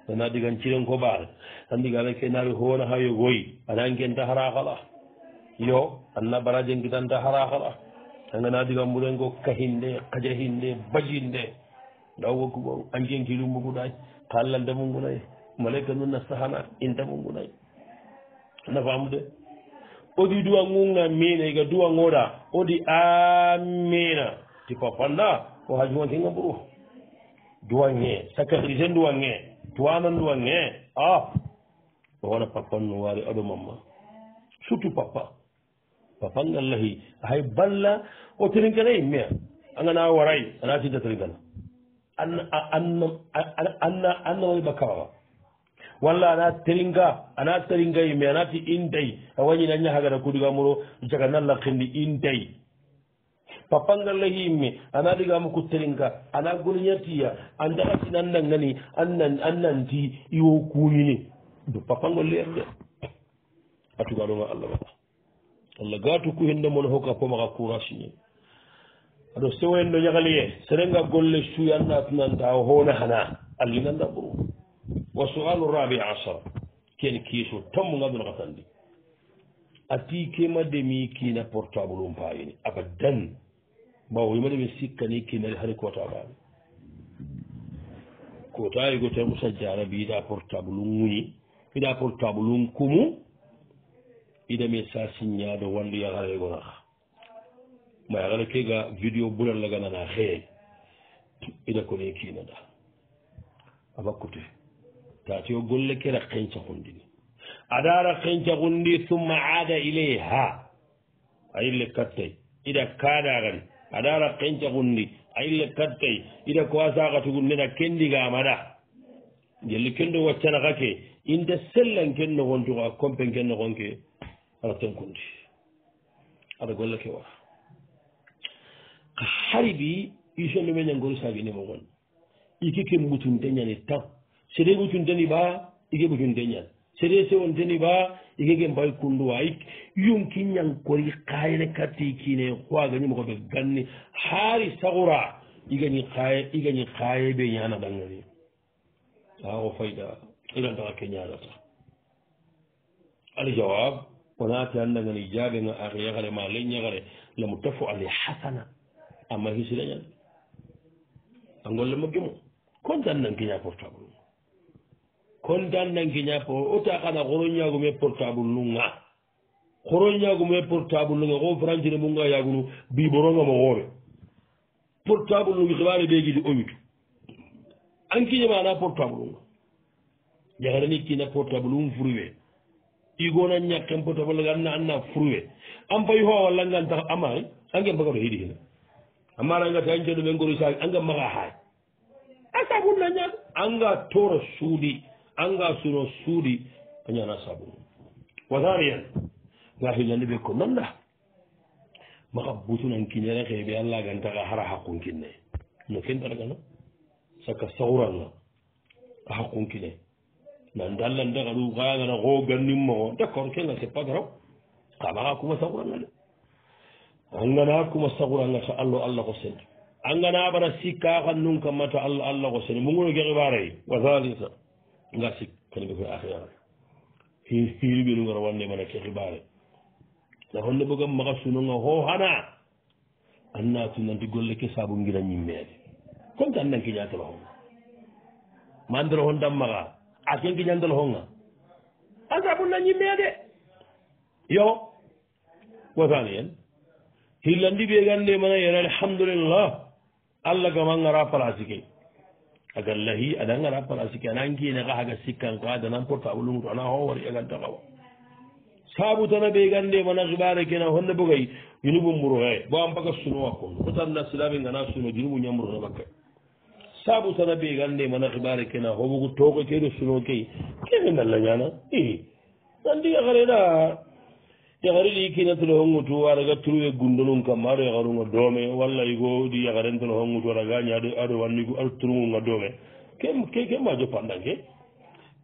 ana digan cirenko baara an digaɗa kenaari howona ha yogoyi aɗa ngenta haraha la yo anna barajen gidanta hara hara anganadigambuden go kahinde kaja hinde bajinde dawoku bon anjenkilumbugunay kaallal ndemugunay malaika nu nastahana in ndemugunay nafamude odi duwa gunga mina iga duwa ngoda odi amina ti papanda o hajumatinga mburu duwa ge sacrifice duwa ge tuwana duwa ge a wona papa nu waari aɗo mamma surtout papa fa fangallahi hay balla o teringanayi maire e angana waray anasidda teringana anna anna anna wayi bakkawawa walla ana teringa ana teringayi mais anati indayi a wañina ñahagana e kudiga muro caga nalla kindi indayi papangallahi imme ana digamo ko teringa ana goliñatiya andarati nandangani an nanti iwo kuumini do papangol lerde a tugaɗonga allah waɗa walla gaatu kuhinde mon hokka pomaka courage ni aɗo sewoyenno ñahaliye serenga golle suuy annatunanta o hoone hana allinanda ɓuru wa soalu rabi achar ken kiiso tammu ngaduna katandi ati kema de mi kiina portable um payini abaddan mbawa wima de ɓe sikkani kinari hari kota baɓe kota yigo tan usa jara biyiɗa portable um nguñi yiɗa portable um kumu idame sa signaɗo wandu yahara e gonaha ma yahara kega vidéo bulal la ganana heen ina kone kinaɗa a bakkute tatiyo golle kera kenca hundini adara kenca hundi summa ada ileyha ayille kattay ida kaɗagani adara kenca hundi ayille kattay ida ko asakatugu nena kendigamaɗa gelli kendo waccanakake inde sellan kenno hontugo a compen kenno honke aɗa tonkundi aɗa golloke o ko hari bi isonno me ñangol saabi ne mo won iki ke mutundeñani tan sede mutundeni ba ike mutundeñan sede sewonteni ba ike ke mbawi kunduwa yonki ñankori kayene katti kine hoagañi mogoɓe ganni haari sagura igañi kaye igañi kaye ɓe ñana ɗangani ao fayda igantaa ke ñanata aljawab wonaati hannde ngani jaabe nga ar yagare ma ley ñagare lamo tofo ali hasana amma hisi leñal a golle mo gimo kon dannankiña portable nga kon dannankiña po ota kana xoroñaago me portable nu nga xoroñaago me portable nga xo francire mu nga yaagunu biboronga mo xoore portable nugi xibaare ɓeegidi oñutu ankiñamana portable nga jagarani kina portable um furwee igona ñakken poto walla anna anna fruwe an fayi ho walla ngan tan amaay angen bagaro heeɗi hena amma rangati an ceɗo men gorosa anga maga haay a sabunna ñak anga toro suuɗi anga suno suuɗi a ñana sabun wasariyan gahillande ɓe ko nanda maga butunan kiñere heɓe allah gantaga hara hakkunkinne no kentaragana sakka sawranga a hakkunkinee nan dallan daga ɗum kagana koganin ma on d' accord kega c' est pas grave kamaga kuma saguranga de angana kuma saguranga ta allo allah ko sene angana ɓana sikka kan num kamma ta allah allah ko sene mugono gekibaaray wazalika nga sik kane ɓeko ahira hiriɓinugara wande mana kekibaare nafonde ɓogam maga sunoga ho hana anna tunanti golle ke sabu gira ñimmeede comme ta andan keñatabaho ma ndero hon dammaga aken giñandol honga asabu nañimmea de yo wasani en hillandi ɓe gande mana yen alhamdulillah allah gama ngara placeke agallahi ada ngara placeke ana nginaka haga sikkanko adanan portablungto ana howori eganta kawa saabu tana ɓe gande mana xibare kena honne bogay junubu mburoxe bo ampaga sunowa ko otanna silaɓe ngana suno junubu ñamburoxe bakkay saabu tana ɓe gannde e mana hibare kena hobugu toko keɗo suno key kee nalla ñana nandi yakareɗa yakare ɗi kinatolo hongutu araga turuwe gundonum kam ma aɗo yakarunga doome walla yigo ɗi yakarentolo hongutu aragañi aɗo aɗo wannigu aɗo turugunga doome ke ke ma joppanɗan ke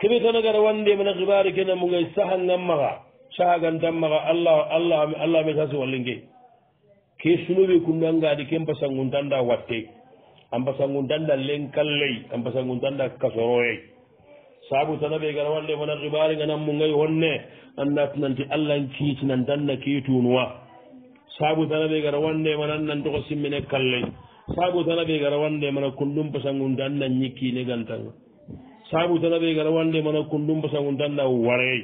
keɓe tana gara wande e mana hibare kena mugay saha ngammaga saha gantanmaga allah allah allah ame tasi wallinke ke sunoɓe kundangaadi ken pasangun tanda watte ambasa ngun danda len kalley ambasa ngun danda kasoroyey saabu tana ɓe gara wanɗe mona xibari nga nanmu ngay honne annatinanti allah n kiitinan danna kiituunuwa saabu tana ɓe gara wanɗe manan nantoxo simmine kalley saabu tana ɓe gara wanɗe mana kundum basa ngun danna ñikkiine gantanga saabu tana ɓe gara wanɗe mana kundum basa ngun danna warey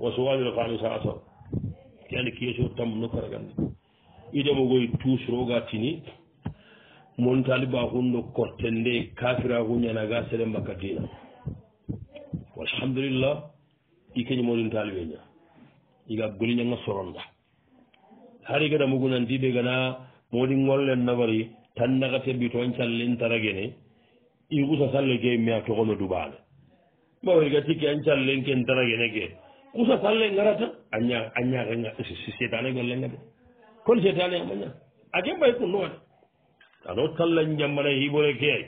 wa suwanil xamisa asar ke andi kiesor tam nokkaraganɗe idemogoy tuusuroga tini montaliba hunno korten nde kafira huñanaga sere mbakka dina alhamdulillah i keñimoɗum taliweña iga goliñanga soronɗa hari gada mugunandiɓe gana moɗi gollen nabari tan naga teɓɓi toon callin taragene i usa salle ge mi a togono dubaala mbawoyga tikki an callen ken taragene ge usa salle garata a ñaganga setane gollenga de kono setane amaña a ke mbay kunnoode ano talla jammana hiɓore keay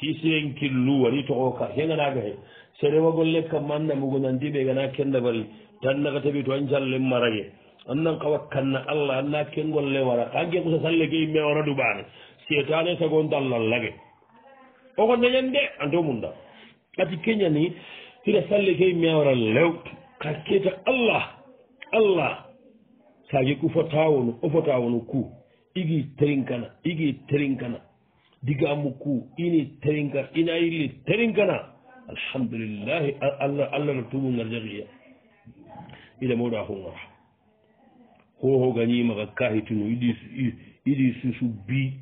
hisirenki luwani to oka heganaga he serewa golle kam manna mugo nandi ɓe gana kendabal tannaga tabi to ancalle marage annan kawa kanna allah anna kengolle wara kanke kusa salle ke yimme wara duɓane setane sagon dallallage oko dañan de anto munda ati keñani hira salle ke yimme wara lew kakkete allah allah saji ku fotawonu o fotawonu ku igi terinkana igi terinkana diga mukku ini terinkana ina illi terinkana alhamdulillahi allah allah no tubu ngarjagiya ila mawɗa hoa hoho gañimaka kahitino iɗi iɗi susu bi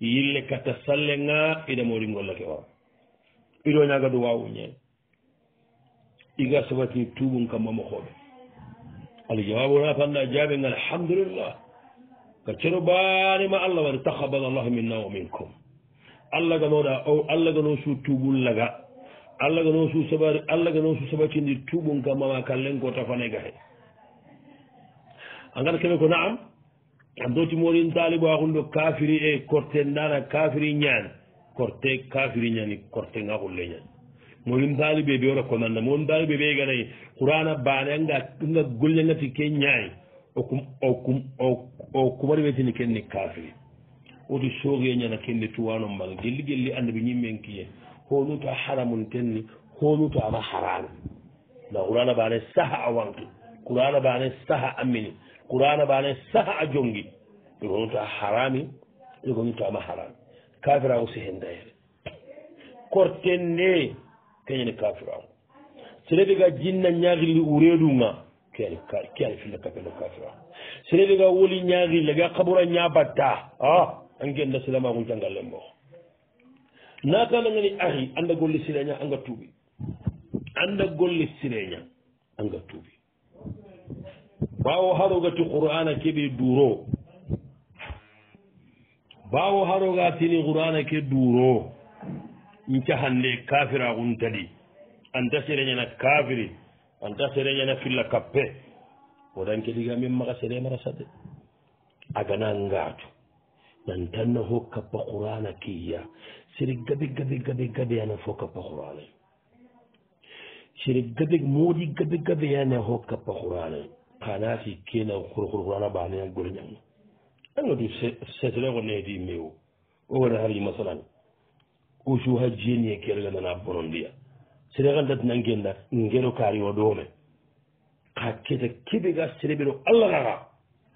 yille katta salle nga iɗa mawɗi ngollake wa iɗoñaga du wawu ñen iga sabatini tubun kammamo hooɓe alah jawabu na fanna jaaɓe ngal alhamdulillah kaccero baanima allah waɗi takabala llahu minna wa minkum allah ganoɗa o allah gano su tuɓullaga allah gano su sabari allah gano su sabatindi tuɓun kammama kallengo tafanega he angata keɓe ko naam andoti mowaɗin daalibo hakundo kafiri e korte ndana kafiri ñaani korte kafiri ñaani korte ngakulle ñaani mowin daalibe ɓe wora ko nanda mowin daalibe ɓe ganayi qurana baane anga nga golñangati ke ñaayi okum okum o ko waɗi weytini kenni kafiri woto soogue ñana kenni tuwano mbaga gelli gelli anda ɓe ñimmen kiye honuto a haramum tenni honuto ama harami da qurana bane saha a wanki qurana bane saha amini qurana bane saha a jongi ɗo honuto a harami ɗogonuto ama harami kafirago si hen dayere korten ne keñani kafirago so reɗiga jinna ñagilli u reedunga keel keel fila kapelo kafira serebe ga woli ñaaxille ga xabura ñabatta a a ngenda silamaxu jangalle moox nakanangani axi anda golli sireña anga tuubi anda golli sireña anga tuubi bawo haroogati qur'ana keɓe duuro bawo haroogatini qur'ana ke duuro ncahande kafiraxun tadi anta sereñana kafiri anta sereñana filla kappe woɗankeligamin maga seremara sade agana ngaatu nan tanna ho kappa qurana kiya siri gabe gabe gabe gabe yana fo kappa qurana siri gabe moodi gabe gabe yana ho kappa qurana kanati kena qurana baanea goreñanga anoti setelego nedi mewo owona harji masalan ojou ha jeniye kelga nana bonondiya sere ganndat nangenda ngero kaari o ɗoome ka kete keɓe ga sere ɓe ɗo allah kaka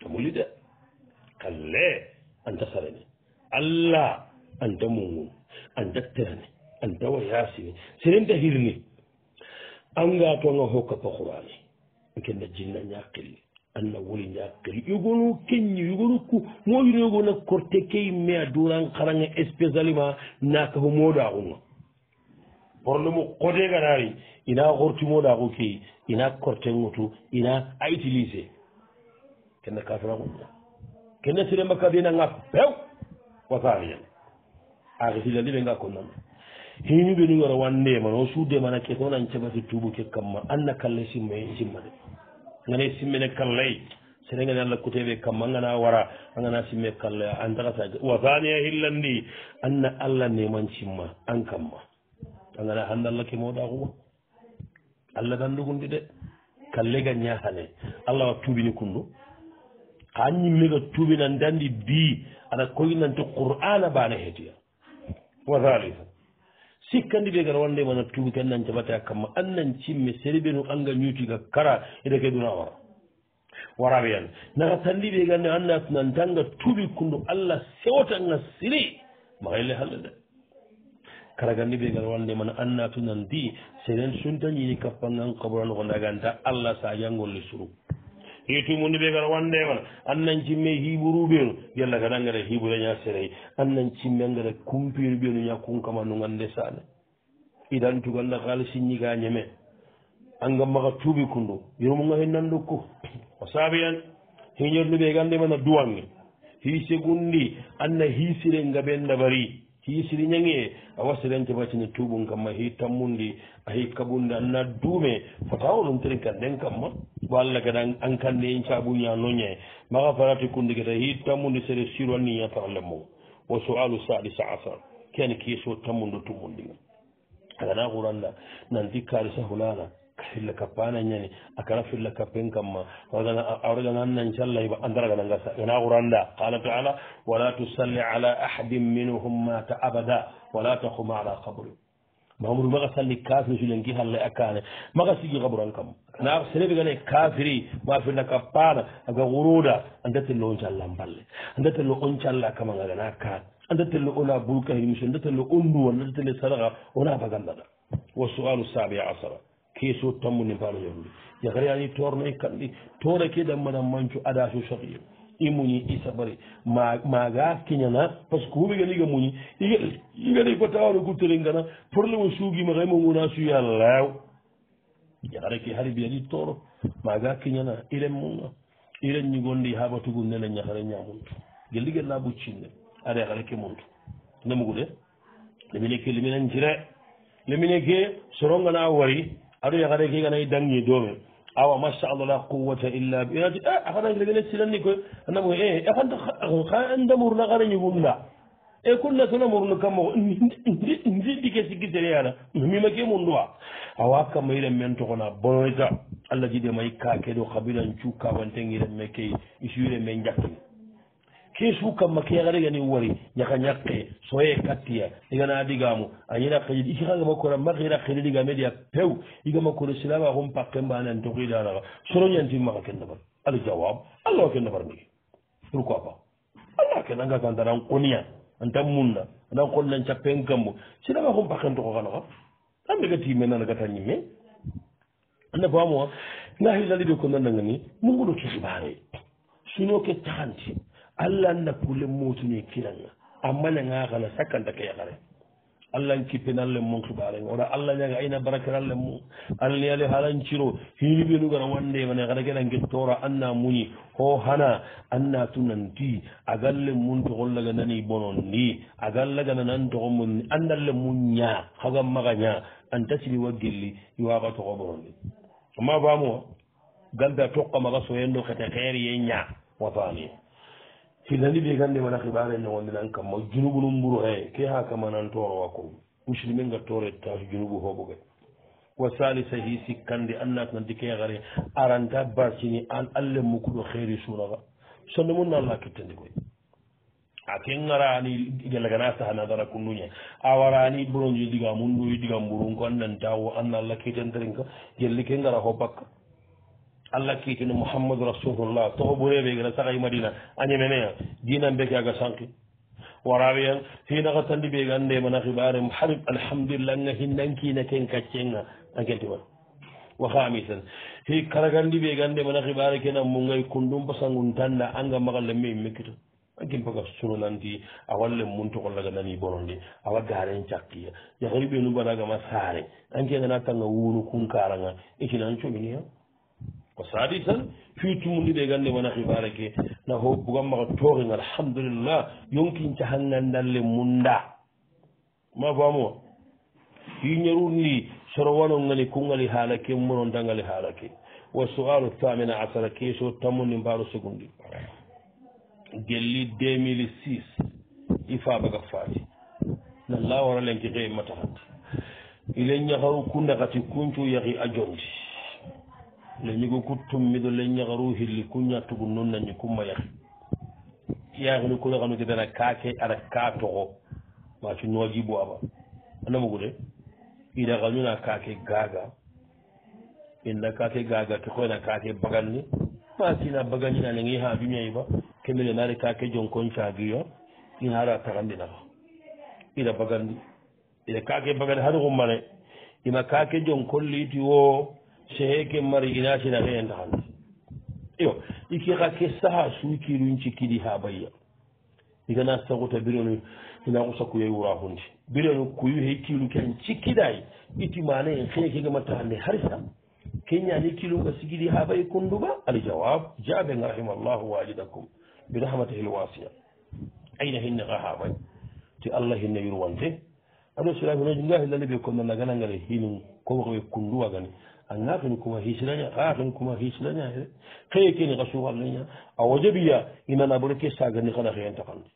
to muli de kalle anda sarene allah anda mumum anda terane anda wa yaasini serenta hirni anga toanga hokka pakurani kenda jinna ñakkelli allah woli ñakkelli yogonu keñi yogonu ku moƴuno yogona korte key mais a duran karanga spécialement naka ho moɗa unga ɓorlomo kodegaraari ina hortumoɗaako ke ina kortenŋotu ina a utilise kenna kafirako kenna sirembakabenanga pew wasaariyan axisilali ɓe nga konnan hinuɓe nu yora wandema no suddemana ke ko nan cabati tubu ke kamma anna kalla simma simmade ngane simmene kallay serengene allah kuteɓe kamma ngana wara angana simme kallaya antaxasa wasaniya hillandi anna allah neman simma an kamma tagara hannde allah ke mawɗa ko wa allah nanndugunɗe ɗe kallega ñaatane allah wat tuubini kunno haan ñimmiga tuubinande anndi bi aɗa koynante qur'ana baane heetiya wasalisa sikkandi ɓe gara wonde mana tuubi kan nan jaɓate akkamma annan cimme sereɓe nu anga ñuutiga kara ede keɗuna ora waraɓeyan naga tandi ɓe gande anna nan tanga tuubi kunndo allah sewotanga siri mahelle halle nde karaganni ɓe ngal wonde mana annatunan di seɗen suntañini kappalngal kaboranogo daganta allah sa jangolle suru e tumunde ɓe ngal wonde mana annan cimme hiɓoruɓeno yalla kada ngara hiɓoreña seray annan cimme ngara kumpiru ɓeno ña kunkama no ngande sane idantuganda kalisinñi ka ñeme angam maka cuuɓi kundo yeromu ga hen nan ɗokko o saabi an heñornuɓe gande mana duwange hi segundi anna hiisire ngaɓen dabari hiisiri ñaŋie a wasiren cabacine tuɓum kamma hi tammunde a hi kaɓunde anna duume fota onon tere kanɗen kamma ɓo allah kada an kande en caɓuya noña maga farati kunde keta hi tammunde sere suranniya parle mo wo soalu saɗi saasa ken keso tammunde tummundiga agana kuranda nanti kaari sa hulana hilla kappana ñani a kana filla kappen kamma awraganan nan callahiba andaragana gana xuranda qala taala wala tusalli ala ahadin minhum mata abada wala taxuma ala qabri mahamadou maxa salli kafiri sulenki hallay a kane maxa sigi xaburan kam na selebe gane kafiri ma filla kappana aga xuruda andatelo on callan balle andatelo on calla kamanga gana kane andatelo ona bulkahimusi andatelo on duwa andatele sadaxa ona bagandaɗa والسؤال السابع عشر keso tammu ne mbaalo yahude jahariyani toorno e kamɗi toore ke ɗammaɗan manco adaso sohie i muñi i e sabari maga kiñana par ce que huɓe ganiga muñi igari ko tawano guttere ngana probléme suugima haymo gona suya laaw jahare ke hari biyaɗi toro maga kiñana iren muga iren ñigonndi habatugu nene jahare ñamunto gelli gella ɓuccinne ada hare ke muntu nemugude lemine ke limine jire lemine ke sorongana wari أرو يغاري كي غاني دانغي دومي أو ما شاء الله لا قوة إلا بالله انا أخذ أنت لقيت سيلاني كو أنا بقول إيه أخذ أخذ خان دمور نغاري يقول لا إيه كلنا سنمر نكمل ندي ندي كيس كيس ليه أنا مهمي ما كيم ونوا أو أك ما يلم من تونا بونيتا الله جد ما يكاكدو خبيرا نشوك وانتين يلم ما كي يشيل من جاكين keesu kamma keexare yani wari ñaka ñakke soye kattiya igana digamu añira xeƴid ixaga makora maxira xeni digamedia pew iga makoro silama xum paqe mbanan toxidanaxa soroñantim maxa ken nabar al jawab allah wa ken nabar ndigi pourquoi pas allah ke nanga ka ndara n qonia anta munna andan qon nan cappen kambo silama xum paqen toxoxanaxa an mbega tiime nanagata ñimme anda famoa nga xilalidi ko nandangani mungudo kisibare suno ke taxanti allah anna kule motuni kiranga amma nanga kana sakkanta ke yakare allah n kippinalle mon subaren ora allah ñaga ayna barakiralle mum allah niyale halan ciro hiniɓenugara wandemane kada kenangettora anna muñi ho hana anna tunanti agalle mun togollaga nani bononndi agallaga nanan togomonni andalle mun ña hagammaga ña anta sini wa gelli iwaga togo bononndi amma famuwa galda tokka maga soyendo kete xeer ye ña wa faniya hinani ɓe gande wona hibare ñogondinan kamma junubu num mburo hey eh, ke ha kamanan torowa ko muslimi gattore tato junubu hoɓoɓe wa salisa hi sikkande annatnandi ke hare aranta basini an allah mukuɗo heeri suraga sonde mum nalla kettandi koy a ke garani gelagana saha nadara kunnuñe a warani bronjo diga mum ɗoyi diga mburunko annantawo annallah ketentarinka gelli ke gara hobakka allah kiitino mouhammadou rasulullah tohoɓureɓe gila saka i madina añemeneya dinan beke aga sanki warawiyan hinaka tandi ɓe ga ande mana hibare habib alhamdulillah nga hinnankina ken kaccenga agentiman wahami tan hi karaganndi ɓe gannde mana hibare kena mungay kundum pasangun tanda anga magalle mei mekkito agimpaga suno nanti a walle muntokollaga nani bonondi awa garen cakkiya yahoriɓe nubanagama saare ankenganatanga wuunu kunkaranga ikinan cominiya ko saali tan fii tumundiɗe gannde wona hibaraki nafo bugammaka tooken alhamdulillah yonkin cahalngal dalle munda ma famuwa fii ñarundi soro wano ngani kungali haalake monon dangali haalake wa soalu tamina asara keso tammundi mbaaro segundi gelli deux mille six ifaabaga faati nallah waralenki xeyi mataxat ilen ñaharu kundakati kuncu yaki a jondi le ñigo ku tummido le ñagaru hilli ku ñattugu nun nañi kummayat yaaxini kule xanu gedana kaake ada kaa toxo maaci noajibu aba anamugude ida xañuna kaake gaaga inna kaake gaaga ti xoyna kaake bagan ni maacina baganina lengi haaju ñayiba kemele naade kaake jonkon caagiyo inaada taxandinaxa ida bagandi ida kaake bagandi hadu xummane ima kaake jonkon liiti wo sehe ke mari inatina heenda hande iyo iki xa ke saha suukirun cikkiɗi ha bayya igana saguta birenu ina kusa kuyay wura hunde birenu kuyu he kilu ken cikkiɗay itimane en xee kegamata hande harisa keñani kilunga sigiɗi ha bay konduba aljawab jaaben rahimallahu walidakum bi rahmatihi lwasiya ayna hinne xa ha bay ti allah hinne yurwante aɗo sirafinoji nga hillani ɓe konnanagana ngale hinin kowakoɓe kunduwagani a ngaatoni kuma hisilaña aatoni kuma hisilaña ere xeye kene xa suxalaña a wajabiya imana bore ke sagandi xana xeyen taxandi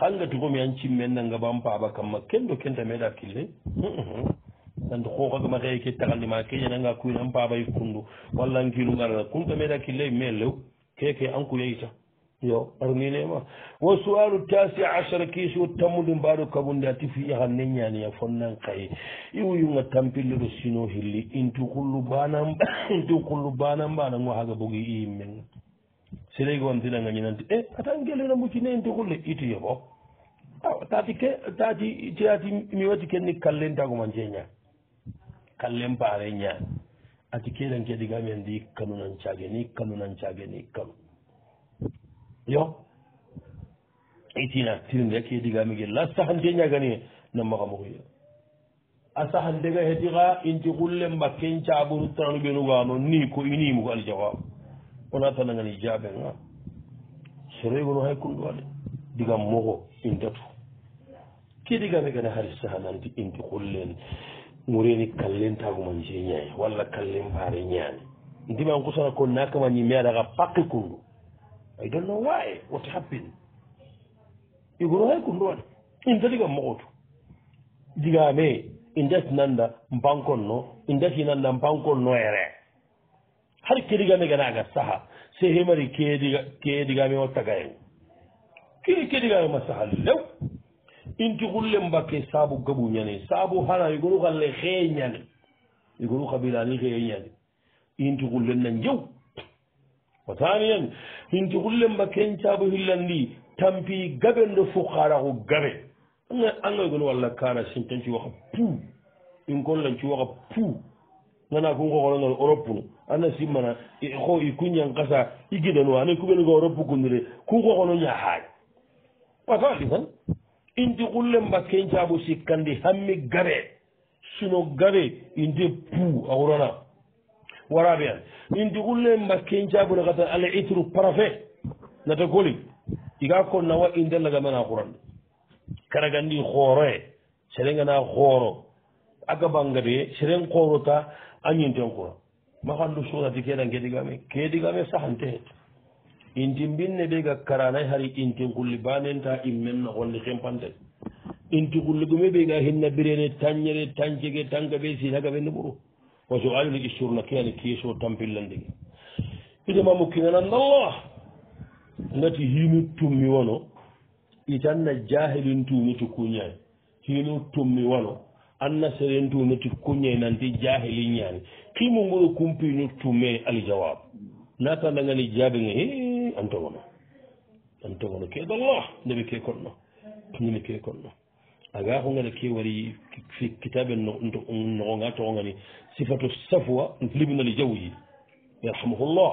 xanga tigomi an cimmen nanga bampaaba kamma ken do kenta meeda kille nanti xooxagama xeye ke taxandima keñananga kuinan paabay kundu walla nkiilu ngarana kunta meeda killey me lew keeke an kuyeyta yo arninema wo suwalu tasi asara kiisi wo tammudi mbaɗo kabunde a tifi yaha neñaniya fonnan kaye iwo yunga tampillero sino hilli intu kullu banam <coughs> intu kullu banam mbanango haga bogi iyimmen seregi wontinaga ñinanti e eh, atan gelena mbuccine intu kulle ituye fo tati ke tati tati mi wati kenni kallentagoman ceña kallen paare ñani ati keɗan keɗigamen ndi kanunan cage ni kanunan cage ni kanu yo itina tirinde keediigami gel la saha nde ñagani nammaka mokoya a saha ndega hetiga inti xulle mbakken caɓuru tanu ɓenugano ni ko inimu ko alijaxa ona tanangani jaɓenga soroygono hay kunɗoade digam moxo indatu keediigami gane hari saha nanti inti xullen ngureni kallen tagumanje ñaani walla kallen mbaare ñaani ndiman kusana ko nakamañimme aɗaxa paqi kunɗo ay don noon waawe woto happini igoro hay kon ɗoone in datigam mawtu jigaame in dati nannda mbankonno in dati nannda mbankonno e ree har kedigame ganaaga saha se himari keediga keedigame o tagayen kiri keedigamema saha lew inti hulle mbakke saabu gabu ñane saabu hana igoru halle xee ñane igoru kabilani xee ñane inti hullen na njew o taniyan hinti hullemba kencaabo hillandi tampi gabe ndo fukaraku gabe angay gono walla kana sintanci waka pu in kollanci waka pu nana kun kokolongal europe nu ana simmana ho i kunyan kasa i gidanu ana kubenuga europe kundire kun kokono ña haay watali tan inti kullemba kencaabo sikkandi hammi gabe suno gabe inte pu a wurana waraɓe an min dugulle mbakken jaabule kata al itru parafet nata goli iga ko nawa indellaga mena xuran kara gandi xooroye serengana xooro aga bangade seren xoorota a ñinten xura maxandu sugati kedange digame ke digame saxante het intin binne ɓega karanay hari intin kulli banenta immen noxondi xempanten inti kulli gume ɓega hinna birene tañere tancege tangabe sinagabe ni ɓuru wa joalni issurna kiyani kiyeso tampillandi idema allah ngati hinu tummi wono itanna jahilintuni ti kuñayi hinu tummi wono anna serentuni ti kuñayi nanti jahili ñaani kimu ngoro kumpinu tumme aljawab natandangani jaabenga he antogono antogono keedallah ndeɓe ke konno ñini ke konno أجاهون على كيوري في كتاب النغنات غني صفة الصفوة نطلبنا لجوهي يرحمه الله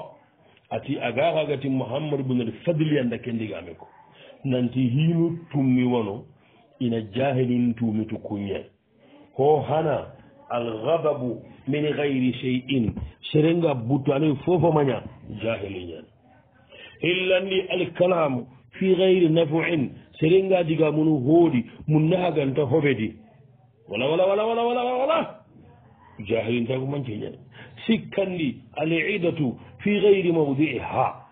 أتي أجاه أجاتي محمد بن الفضل عندك عندي عمك ننتي هيلو تومي وانو إن جاهلين تومي تكوني هو هنا الغضب من غير شيء سرنجا بطاني فوفا مانيا جاهلين إلا أن الكلام في غير نفع serengaji ga mun hooɗi mum nahaganta hobedi wala wala wala wala wala wala jahilintako mancieñan sikkandi alidatu fi gayri mawdii ha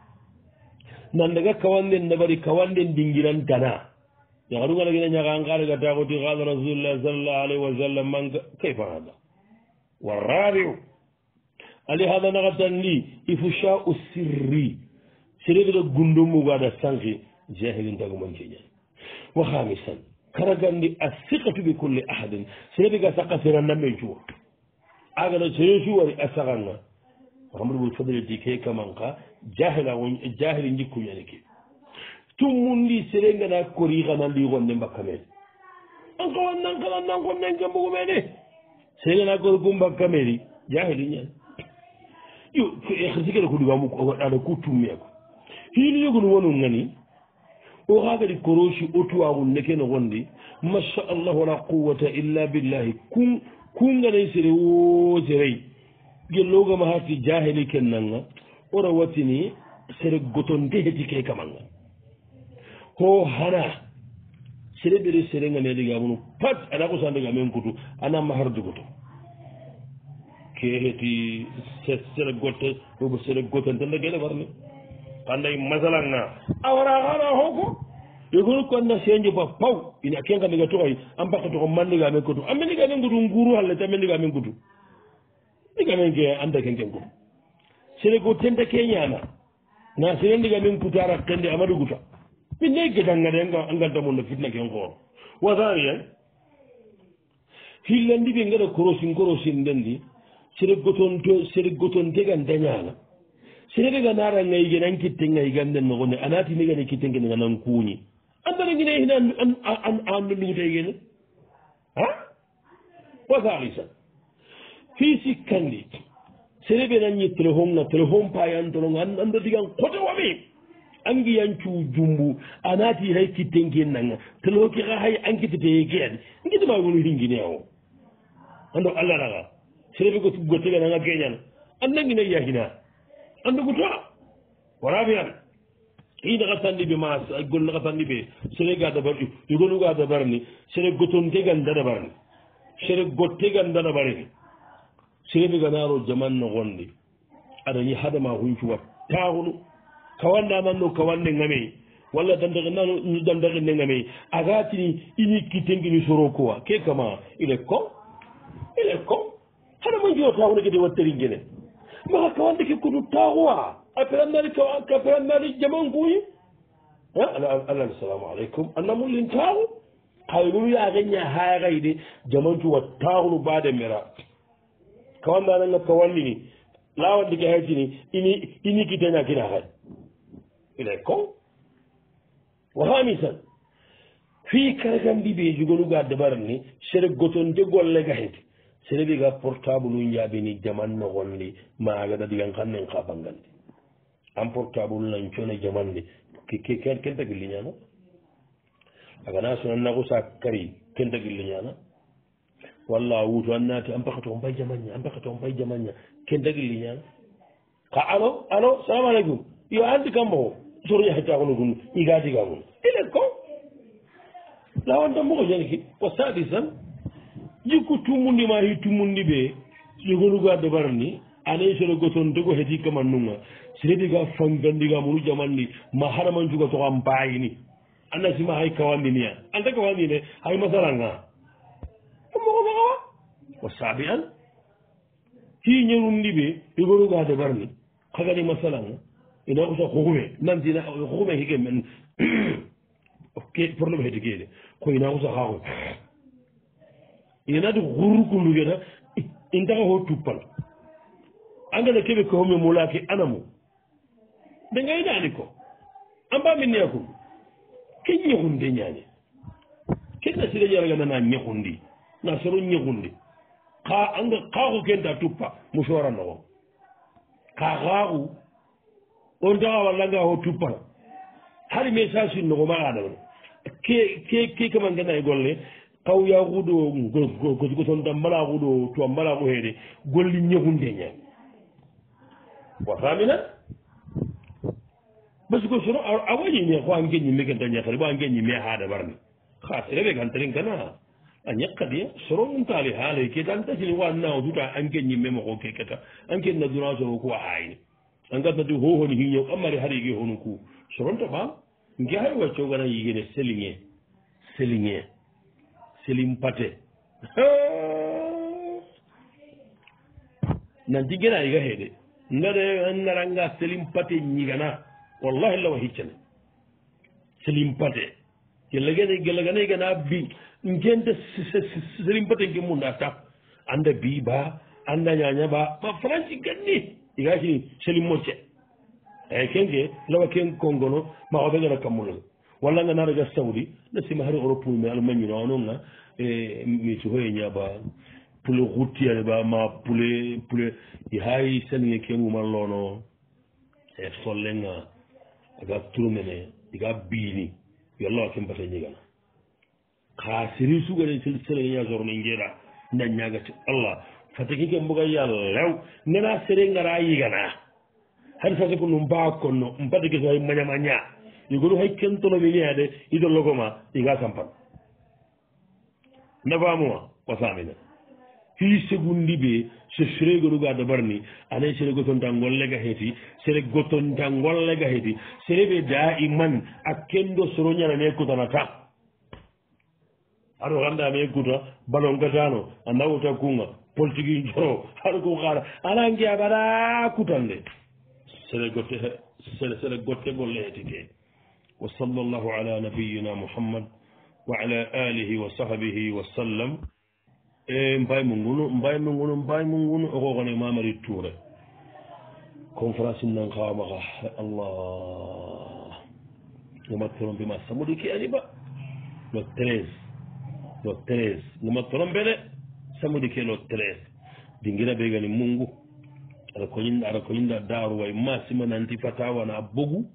nandaga kawanden nabari kawanden dingiran gana yaharugalagina ñaganarigatagoti kala rasulillahi sal llah alayhi wa sallam manka kaifa hada warrabiu ali hada nakatandi ifushau sirri sereɓeta gundo mugada sanki jahilintako mancieñan wa hamisan kara gandi a sikatu bi culle ahadin senebi ga saka sena namme juwa agana sene juwari a saganga amadu bu fadle di ke kaman ka jahila jahili jikkuñani ke tummundi sere ngana kori kana ligonne mbakka men anka wannan kala nan ko men ke mbugu mene sere ngana kori ku mbakka meni jahili ñani yo sikere eh, ko ɗiwamu waɗaɗa ku tummeko hiliyogunu wonu ngani oxa gadi korosi otuwagun neke noxondi masallah wala quwata illa billahi kunganai sere wo serei gelogama hati jaheli kennanga ora watini sere gotonte heti ke kamanga ho hana sere bere serenganiadigamunu pat ana kosandegamen kutu ana mahardi goto ke heti sere gote sere gotente ndegele warne pandaye masalan ga awara hara hoko yegonu konna seño ba paw ina kenga ndiga toxoy an baka toxo mandiga men kotu an mendiga men kutu nguru halle ta mendiga men kutu ndiga men ke anda ken ken kutu sene ko tenta ke ñana na sene ndiga men kutu ara kende amadu guta min ne gedangade ngalta mun no fitna ken xoor wasaria hillandi ɓe ngaɗa korosin korosin ndendi sere goton sere goton tegan dañana sereri ga nara ngay gen an kitte ngay ganden mo gonde anati ni gane kitte ngene ngana kuuni andana ngine hina an an an lu ngute gen ha wa zalisa fi sikkandi sereri nan ni telehom na telehom pa yan to ngan ando digan kote wami angi yan cu jumbu anati hay kitte ngen nan telo ki ga hay an kitte te gen ngi ma wonu hingine o ando allah raga sereri ko tu gotega nan ga kenyan andangi ne yahina anndugu toi wala mbiyan iina gasanndi ɓe ma golle gasanndi ɓe sere ga dabar yogonuga dabar ni sere gotonte ganda dabar ni sere gotte ganda dabar ni sere ɓe ganaaro jaman nogonde adañi hadama huncuwa taaxunu kawannamanno kawanne ngame walla dandaxinano dandaxinne ngame agatini ini kitengini soro quoi ke kama il est con il est con hadama njiwa taaxuna kede watteringene maka ka wandiki kudu tawa a perenmeri ka perenmeri jaman guyi anani salamu aleykum annamullin tawu hay lulu yaagenya haarayde jaman cuwa tawulu baade mira ka wandanaga ka wandini lawandiki haytini ini iniki daña kina hay il est con waxami san fii karagandi ɓe jugonuga dabaranni sere goton jegolle gahete seneɗiga portable nu jaɓini jamanno gonɗi maga ɗaɗigan kannen ka bangalɗi an portable nancone jamanɗi kenta gilliñana agana sona nagusa kari kenta gilliñana walla wuto an naati an pakato on mbay jamanña an pakato on mbay jamanña kenta gilliñana ka alo alo salamu aleykum yo andi kambao soroyahetakono ɗum igadigamum ile ko lawantan mogo jani ki ko sadi sane jikku tumundima hi tumundi ɓe ɗigonugo a ɗobar ni anayi sere goton tego heti kamannunga sereɗiga fangandiga munu jamandi ma haramancuga toko an bayini anna sima hay kawandiniya anta kawandine hay masalanga omogomagawa wa saabi an hi ñerundi ɓe ɗigonugo a ɗobar ni kagani masalanga ina kusa xuxume nantina xuxume hike men probléme <clears throat> heti keede ko ina kusa xaxume yenade gurgulu yona intaxa ho tuppan angana keɓe kehome mulake anamu nde ngaynani ko amba min neyakum ke ñegunde ñane kena sida jaragana na ñegundi na soro ñegundi xa anga xaaxu kenta tuppa musora noxo xa xaaxu on taxa wallanga ho tuppana hari mesasi noxomaxa adamana ke ke kamangenay e golle kawya huɗo gosgoton tan mbala huɗo tuwa mbala ko heede golli ñehunde ñan ko famina par ce que sono a waji mais ko an geñi mbeken ta ñakkadi ɓo an geñi mais e haada warni ha seeɓe gantarin kana a ñakkadi soro mum taali haalay e e ke tan tasini wannawo duta an geñi mema ko kekkata an ken nadurance o kowa hayni an gasnati hohoni hiñew kammari harigue honu ku soronto ɓam nge hay waccogana yigene selinge selinge selimpate nanti gena yiga heede ngade naranga selimpate ñigana wallahi lawa hiccane selimpate gelagene gelagana yigana bi ngente selimpate nge munda ta anda bi ba anda ñaña ba ma franci ganni yiga kini selimmocce eyi eh, kenke lawa ken kongono ma oɓe gana kammulol walla nga naroga sawdi nasima hari europe mum ala mañino anonga e mi sohoye ñaaba poule routiyane ba ma poule poule hay salnge kengumal lono e sollenga aga tourmene iga biini yallawa ke mbata ñigana ha séri sugane salnge ñasorone jeeɗa dañagati allah fatakike mboga yallew nena séri ngara yigana hade fata ko no mbaa konno mbadake so hay mañama ñaa igoru hay kentono miniyade ido logoma iga sampan nafamuma wasamina fi segundi ɓe so seregoruga dabarni anay sere gotonta gollega heeti sere gotonta gollega heeti sereɓe da i man a kendo soroñanane kutanata aɗo gandame kuta balonkatano anawota kunga politique joro haɗa ko kara ala ngiya baɗa kutande sere gote sere sere gotte golle heeti ke وصلى الله على نبينا محمد وعلى آله وصحبه وسلم إيه، مباي مونغونو مباي مونغونو مباي مونغونو اوكو غني امام توره كونفرنس نان خامغا الله وما ترون بما سمودي كي اني با لو 13 لو 13 وما ترون بلا سمودي كي لو 13 دينغينا بيغاني مونغو على كوين على كوين دا دارو واي ما سيما نانتي فتاوا انا بوغو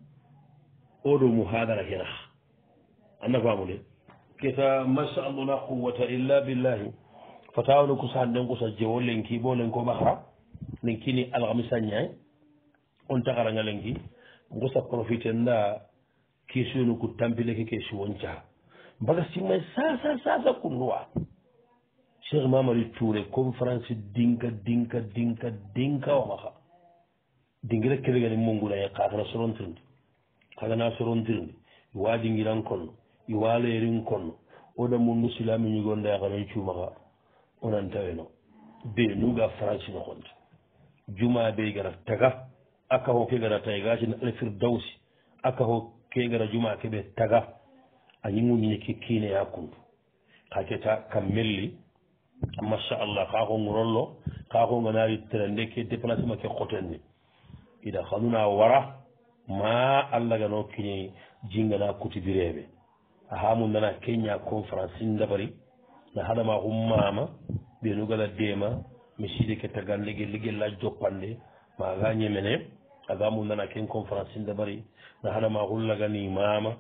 oɗo muhadara hina annabamu nde keta masaluna quwata illa billahi fatawano kusan nden kusa jewo lenki bo lenko ɓahra lenkini alhamisa ñay on tagaranga lenki gusa profite nda kesiono ku tampileke kesi wonca mbaga simmay e sasa sasa kunnuwa cheikh mamadi touré conférence dinka dinka dinka dinka o maha dingira kelegani munguna e kakra soron tirndi na sorondirndi waadingiran konno i waaleerin konno oɗan mum musilami ñugonda yakanoy cuumaka onan taweno be nuga franci no honde juma be gara taga aka ho ke gara taygaji na alfir dawsi aka ho ke gara juma ke ɓe taga a ya kekkine k'a ha keta kam melli masha allah kako ngurollo kako nganari terande ke déplacement ke hoten ni ida hanuna wara ma allah gano kiñe jingana kutidireɓe aha mum nana keña conférence sin dabari na haɗama hummama ɓenugala dema mi siide ketta galleguel liguella joppanɗe ma aga ñemene aga mum nana ken conférence sin dabari na haɗama hullagani mama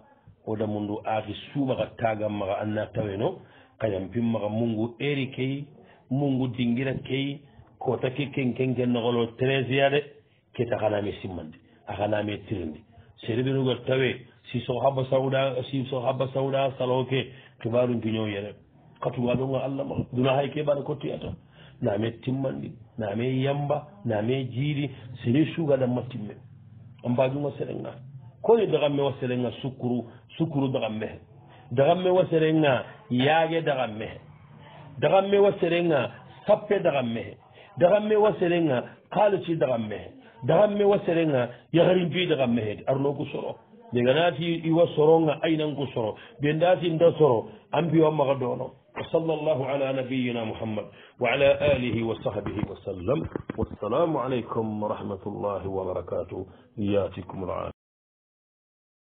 oda mum ndu aaki suumaka tagam maka anna taweno kañam pimmaka mungu eri key mungu dinguira key ko takki ken ken kennogolo trésiya de ketta kanami simmande ahanaami ettirindi seriɓinugol tawe si so haba sawɗa si so haba sawɗa salooke kibaru giñoo yere katuwa ɗunga allah ma duna hay keɓaɗa kottiyata naame timmanɗi naame e yamba naame jiiɗi seri sugaɗan ma timme on mbajunga sere nga koye dagamme wa sere nga sukkuru sukkuru dagamme he dagamme wa sere nga yaage dagamme he dagamme wa sere nga sappe dagamme he dagamme wa sere nga kaalisi dagamme he دعم وسرنا يهرين في دعم مهد أرنو كسره دعناتي يو سرنا كسره بينداتي ندسره أم في يوم غدونه الله على نبينا محمد وعلى آله وصحبه وسلم والسلام عليكم ورحمة الله وبركاته ياتكم العافية